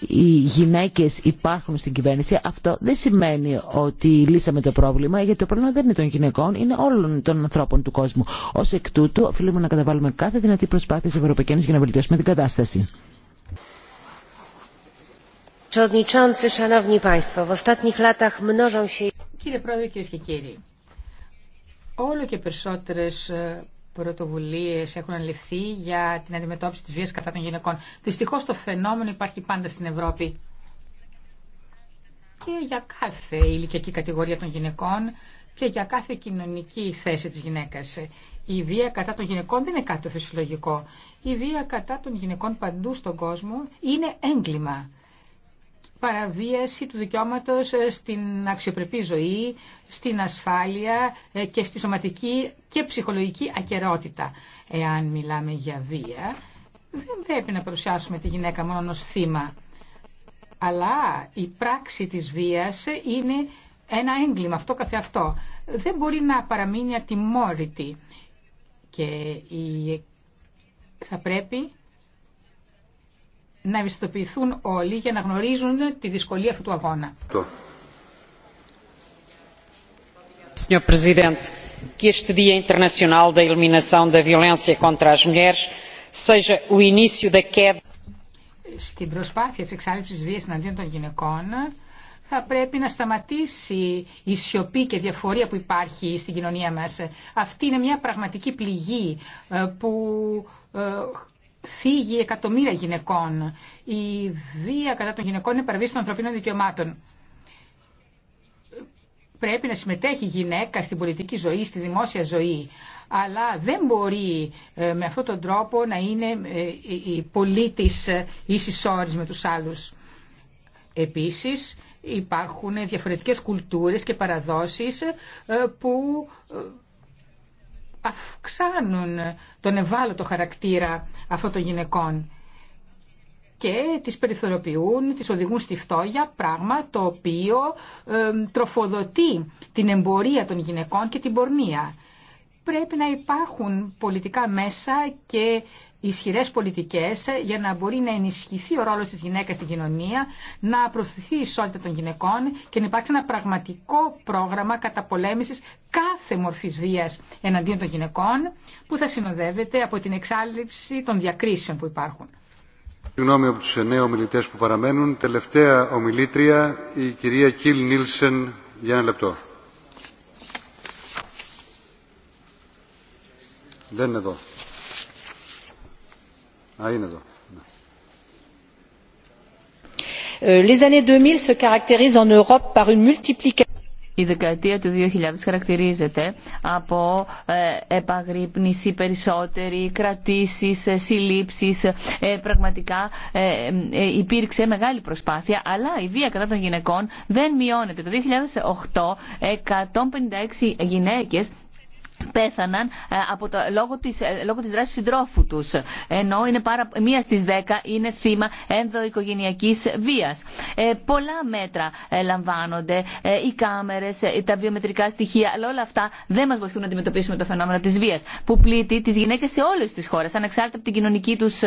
οι γυναίκες υπάρχουν στην κυβέρνηση, αυτό δεν σημαίνει ότι λύσαμε το πρόβλημα, γιατί το πρόβλημα δεν είναι των γυναικών, είναι όλων των ανθρώπων του κόσμου. Ως εκ τούτου, οφείλουμε να καταβάλουμε κάθε δυνατή προσπάθεια στην Ευρωπαϊκή για να βελτιώσουμε την κατάσταση. Κύριε Πρόεδρε, κυρίε και κύριοι, όλο και περισσότερες ε, πρωτοβουλίε έχουν ληφθεί για την αντιμετώπιση της βίας κατά των γυναικών. Δυστυχώς το φαινόμενο υπάρχει πάντα στην Ευρώπη και για κάθε ηλικιακή κατηγορία των γυναικών και για κάθε κοινωνική θέση της γυναίκας. Η βία κατά των γυναικών δεν είναι κάτι φυσιολογικό. Η βία κατά των γυναικών παντού στον κόσμο είναι έγκλημα παραβίαση του δικαιώματος ε, στην αξιοπρεπή ζωή, στην ασφάλεια ε, και στη σωματική και ψυχολογική ακαιρότητα. Εάν μιλάμε για βία, δεν πρέπει να παρουσιάσουμε τη γυναίκα μόνο ως θύμα. Αλλά η πράξη της βίας είναι ένα έγκλημα αυτό αυτό Δεν μπορεί να παραμείνει ατιμόρυτη. Και θα πρέπει να ευαισθητοποιηθούν όλοι για να γνωρίζουν τη δυσκολία αυτού του αγώνα. Senhor Presidente, que este Dia Internacional da Eliminação da Violência contra as Mulheres seja o início da queda. Στην προσπάθεια της εξάλληψης βίας εναντίον των γυναικών θα πρέπει να σταματήσει η σιωπή και διαφορία που υπάρχει στην κοινωνία μας. Αυτή είναι μια πραγματική πληγή ε, που ε, φύγει εκατομμύρια γυναικών. Η βία κατά των γυναικών είναι παραβίαση των ανθρωπίνων δικαιωμάτων. Πρέπει να συμμετέχει η γυναίκα στην πολιτική ζωή, στη δημόσια ζωή. Αλλά δεν μπορεί ε, με αυτόν τον τρόπο να είναι ε, η πολίτης ε, ίσης όρης με τους άλλους. Επίσης υπάρχουν διαφορετικές κουλτούρες και παραδόσεις που αυξάνουν τον ευάλωτο χαρακτήρα αυτών των γυναικών και τις περιθωριοποιούν, τις οδηγούν στη φτώγια, πράγμα το οποίο ε, τροφοδοτεί την εμπορία των γυναικών και την πορνεία πρέπει να υπάρχουν πολιτικά μέσα και ισχυρές πολιτικές για να μπορεί να ενισχυθεί ο ρόλο της γυναίκας στην κοινωνία, να προωθηθεί η ισότητα των γυναικών και να υπάρξει ένα πραγματικό πρόγραμμα καταπολέμησης κάθε μορφής βίας εναντίον των γυναικών που θα συνοδεύεται από την εξάλληψη των διακρίσεων που υπάρχουν. Συγγνώμη από του εννέα ομιλητέ που παραμένουν. Τελευταία ομιλήτρια η κυρία Κιλ Νίλσεν για ένα λεπτό. Δεν είναι εδώ. Α, ναι. ε, Η δεκαετία του 2000 χαρακτηρίζεται από ε, επαγρύπνηση, περισσότερη, κρατήσεις, ε, ε πραγματικά ε, υπήρξε μεγάλη προσπάθεια, αλλά η βία κατά των γυναικών δεν μειώνεται. Το 2008, 156 γυναίκες πέθαναν ε, από το, λόγω, της, ε, λόγω της δράσης του συντρόφου τους. Ενώ είναι πάρα, μία στις δέκα είναι θύμα ενδοοικογενειακής βίας. Ε, πολλά μέτρα ε, λαμβάνονται, ε, οι κάμερες, τα βιομετρικά στοιχεία, αλλά όλα αυτά δεν μας βοηθούν να αντιμετωπίσουμε το φαινόμενο της βίας που πλήττει τις γυναίκες σε όλες τις χώρες, ανεξάρτητα από την κοινωνική τους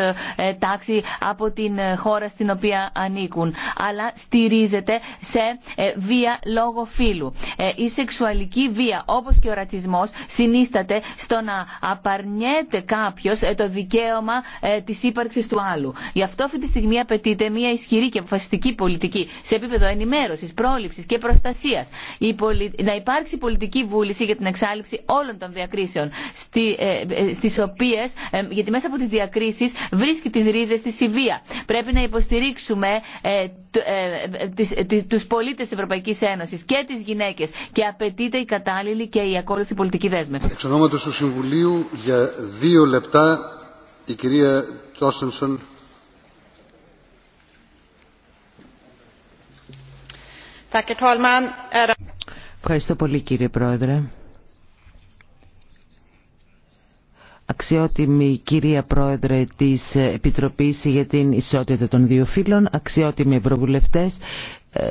τάξη, από την χώρα στην οποία ανήκουν. Αλλά στηρίζεται σε βία λόγω φύλου. Η σεξουαλική βία, όπως και ο ρατσισμός, συνίσταται στο να απαρνιέται κάποιο ε, το δικαίωμα ε, τη ύπαρξη του άλλου. Γι' αυτό αυτή τη στιγμή απαιτείται μια ισχυρή και αποφασιστική πολιτική σε επίπεδο ενημέρωση, πρόληψη και προστασία. Να υπάρξει πολιτική βούληση για την εξάλληψη όλων των διακρίσεων, ε, στι οποίε, γιατί μέσα από τις διακρίσεις βρίσκει τις ρίζες στη η Πρέπει να υποστηρίξουμε ε, ε, ε, τους πολίτες της Ευρωπαϊκής Ένωσης και τις γυναίκες και απαιτείται η κατάλληλη και η ακόλουθη πολιτική δέσμευση. Εξ ονόματος του Συμβουλίου για δύο λεπτά η κυρία Τόσενσον. Ευχαριστώ πολύ κύριε Πρόεδρε. αξιότιμη κυρία Πρόεδρε της Επιτροπής για την Ισότητα των Δύο Φύλων, αξιότιμοι ευρωβουλευτές,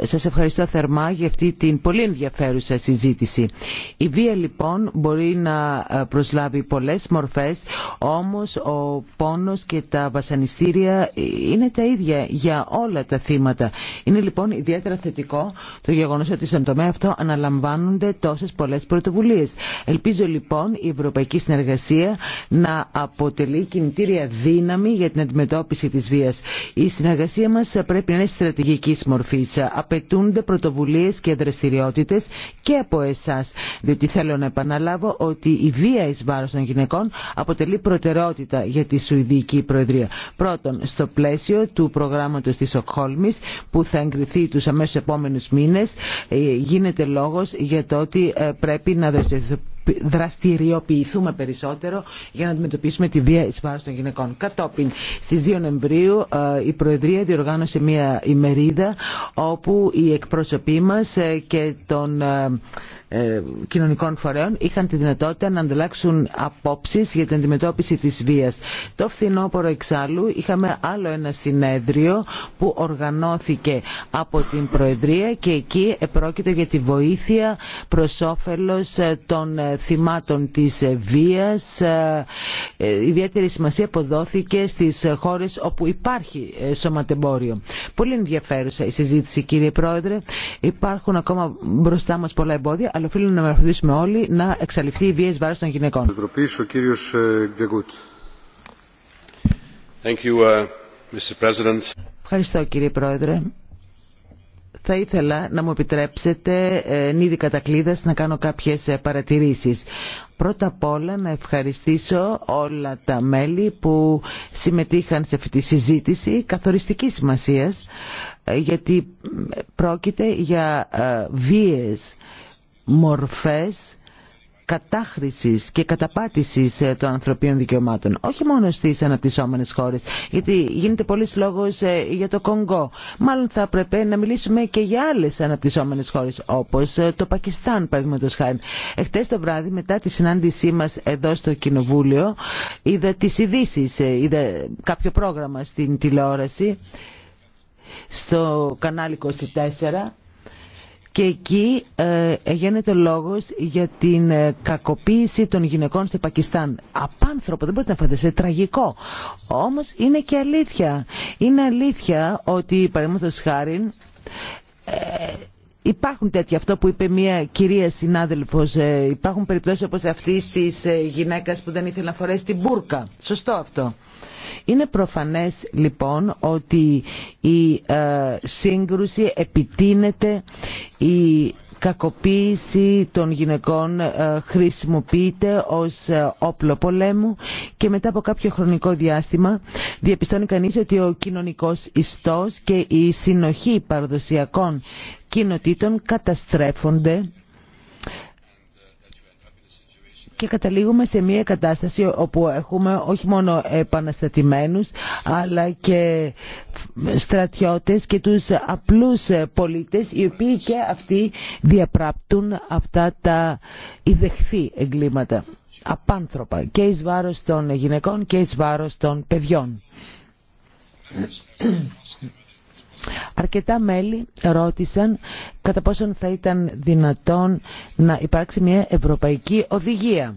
σας ευχαριστώ θερμά για αυτή την πολύ ενδιαφέρουσα συζήτηση. Η βία λοιπόν μπορεί να ε, προσλάβει πολλές μορφές, όμως ο πόνος και τα βασανιστήρια ε, είναι τα ίδια για όλα τα θύματα. Είναι λοιπόν ιδιαίτερα θετικό το γεγονός ότι στον τομέα αυτό αναλαμβάνονται τόσες πολλές πρωτοβουλίες. Ελπίζω λοιπόν η ευρωπαϊκή συνεργασία να αποτελεί κινητήρια δύναμη για την αντιμετώπιση της βίας. Η συνεργασία μας πρέπει να είναι στρατηγικής μορφής απαιτούνται πρωτοβουλίες και δραστηριότητε και από εσά, διότι θέλω να επαναλάβω ότι η βία εις βάρος των γυναικών αποτελεί προτεραιότητα για τη Σουηδική Προεδρία. Πρώτον, στο πλαίσιο του προγράμματος της Οκχόλμης που θα εγκριθεί τους αμέσως επόμενους μήνες ε, γίνεται λόγος για το ότι ε, πρέπει να δραστηριοποιηθούν δραστηριοποιηθούμε περισσότερο για να αντιμετωπίσουμε τη βία εις βάρος των γυναικών. Κατόπιν, στις 2 Νοεμβρίου ε, η Προεδρία διοργάνωσε μια ημερίδα όπου η εκπρόσωποι μας ε, και τον ε, ε, κοινωνικών φορέων είχαν τη δυνατότητα να ανταλλάξουν απόψεις για την αντιμετώπιση της βίας. Το φθινόπωρο εξάλλου είχαμε άλλο ένα συνέδριο που οργανώθηκε από την Προεδρία και εκεί επρόκειτο για τη βοήθεια προς όφελος ε, των ε, θυμάτων της βίας. Ιδιαίτερη σημασία αποδόθηκε στις χώρες όπου υπάρχει σωματεμπόριο. Πολύ ενδιαφέρουσα η συζήτηση κύριε Πρόεδρε. Υπάρχουν ακόμα μπροστά μα πολλά εμπόδια αλλά οφείλουμε να μορφωθήσουμε όλοι να εξαλειφθεί η βία εις βάρος των γυναικών. Ε, uh, Ευχαριστώ κύριε Πρόεδρε. Θα ήθελα να μου επιτρέψετε ε, νίδη κατακλείδας να κάνω κάποιες ε, παρατηρήσεις. Πρώτα απ' όλα να ευχαριστήσω όλα τα μέλη που συμμετείχαν σε αυτή τη συζήτηση καθοριστικής σημασίας γιατί πρόκειται για βίες μορφές κατάχρησης και καταπάτησης ε, των ανθρωπίνων δικαιωμάτων. Όχι μόνο στις αναπτυσσόμενες χώρες, γιατί γίνεται πολλής λόγος ε, για το Κονγκό. Μάλλον θα πρέπει να μιλήσουμε και για άλλες αναπτυσσόμενες χώρες, όπως ε, το Πακιστάν, παραδείγματος χάρη. Εχθές το βράδυ, μετά τη συνάντησή μας εδώ στο Κοινοβούλιο, είδα τις ειδήσει, είδα κάποιο πρόγραμμα στην τηλεόραση, στο κανάλι 24, και εκεί ε, γίνεται λόγος για την ε, κακοποίηση των γυναικών στο Πακιστάν. Απάνθρωπο, δεν μπορείτε να φανταστείτε, τραγικό. Όμως είναι και αλήθεια. Είναι αλήθεια ότι, παραδείγματος χάρη, ε, Υπάρχουν τέτοια, αυτό που είπε μια κυρία συνάδελφος, ε, υπάρχουν περιπτώσεις όπως αυτή της γυναίκας που δεν ήθελε να φορέσει την μπουρκα. Σωστό αυτό. Είναι προφανές λοιπόν ότι η ε, σύγκρουση επιτείνεται, η κακοποίηση των γυναικών ε, χρησιμοποιείται ως ε, όπλο πολέμου και μετά από κάποιο χρονικό διάστημα διαπιστώνει κανείς ότι ο κοινωνικός ιστός και η συνοχή παραδοσιακών κοινοτήτων καταστρέφονται και καταλήγουμε σε μια κατάσταση όπου έχουμε όχι μόνο επαναστατημένους αλλά και στρατιώτες και τους απλούς πολίτες οι οποίοι και αυτοί διαπράπτουν αυτά τα ιδεχθή εγκλήματα απάνθρωπα και εις βάρος των γυναικών και εις βάρος των παιδιών. Αρκετά μέλη ρώτησαν κατά πόσον θα ήταν δυνατόν να υπάρξει μια ευρωπαϊκή οδηγία.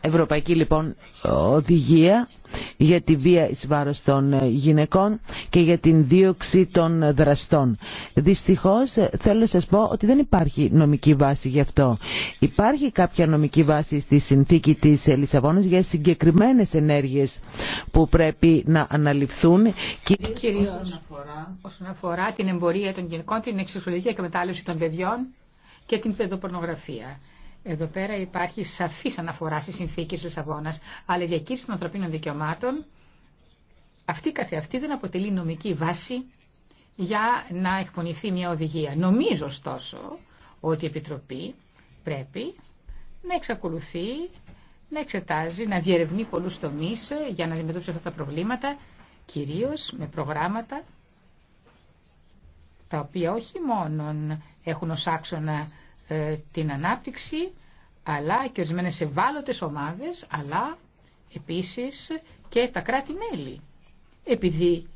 Ευρωπαϊκή λοιπόν οδηγία για τη βία εις βάρος των ε, γυναικών και για την δίωξη των δραστών. Δυστυχώς ε, θέλω να σας πω ότι δεν υπάρχει νομική βάση γι' αυτό. Υπάρχει κάποια νομική βάση στη συνθήκη της Λισαβόνας για συγκεκριμένες ενέργειες που πρέπει να αναλυφθούν. Κυρίως όσον αφορά, όσον αφορά την εμπορία των γυναικών, την και εκμετάλλευση των παιδιών και την παιδοπορνογραφία. Εδώ πέρα υπάρχει σαφής αναφορά στις συνθήκες Λισαβόνα, αλλά η διακήρυξη των ανθρωπίνων δικαιωμάτων αυτή καθεαυτή δεν αποτελεί νομική βάση για να εκπονηθεί μια οδηγία. Νομίζω ωστόσο ότι η Επιτροπή πρέπει να εξακολουθεί, να εξετάζει, να διερευνεί πολλούς τομείς για να αντιμετωπίσει αυτά τα προβλήματα, κυρίως με προγράμματα τα οποία όχι μόνο έχουν ως άξονα ε, την ανάπτυξη αλλά και ορισμένε ευάλωτε ομάδες αλλά επίσης και τα κράτη-μέλη. Επειδή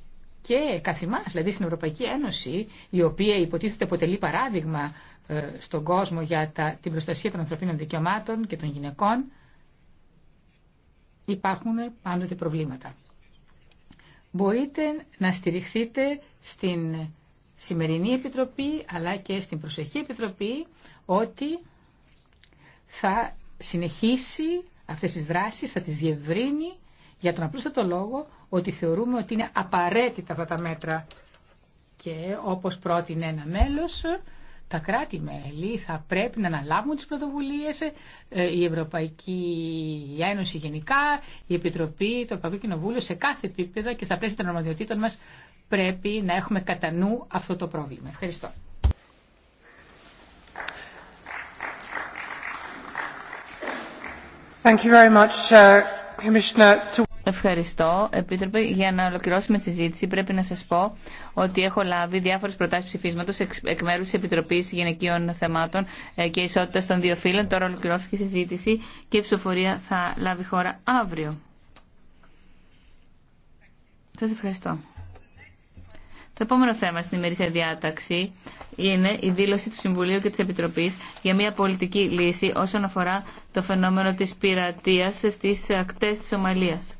και καθ' δηλαδή στην Ευρωπαϊκή Ένωση, η οποία υποτίθεται αποτελεί παράδειγμα ε, στον κόσμο για τα, την προστασία των ανθρωπίνων δικαιωμάτων και των γυναικών, υπάρχουν πάντοτε προβλήματα. Μπορείτε να στηριχθείτε στην σημερινή Επιτροπή, αλλά και στην Προσεχή Επιτροπή, ότι θα συνεχίσει αυτές τις δράσεις, θα τις διευρύνει για τον απλούστατο λόγο ότι θεωρούμε ότι είναι απαραίτητα αυτά τα μέτρα και όπως πρότεινε ένα μέλος, τα κράτη-μέλη θα πρέπει να αναλάβουν τις πρωτοβουλίες, ε, η Ευρωπαϊκή Ένωση γενικά, η Επιτροπή, το Ευρωπαϊκό Κοινοβούλιο σε κάθε επίπεδο και στα πλαίσια των ομοδιοτήτων μας πρέπει να έχουμε κατά νου αυτό το πρόβλημα. Ευχαριστώ. Uh, ευχαριστώ. Επίτροπε, για να ολοκληρώσουμε τη συζήτηση πρέπει να σας πω ότι έχω λάβει διάφορε προτάσει ψηφίσματος εκ μέρου τη Επιτροπή Γυναικείων Θεμάτων ε, και ισότητα των Δύο Φύλων. Τώρα ολοκληρώθηκε η συζήτηση και η ψηφοφορία θα λάβει χώρα αύριο. Σα ευχαριστώ. Το επόμενο θέμα στην ημερήσια διάταξη είναι η δήλωση του Συμβουλίου και της Επιτροπής για μια πολιτική λύση όσον αφορά το φαινόμενο της πειρατείας στις ακτές της Ομαλίας.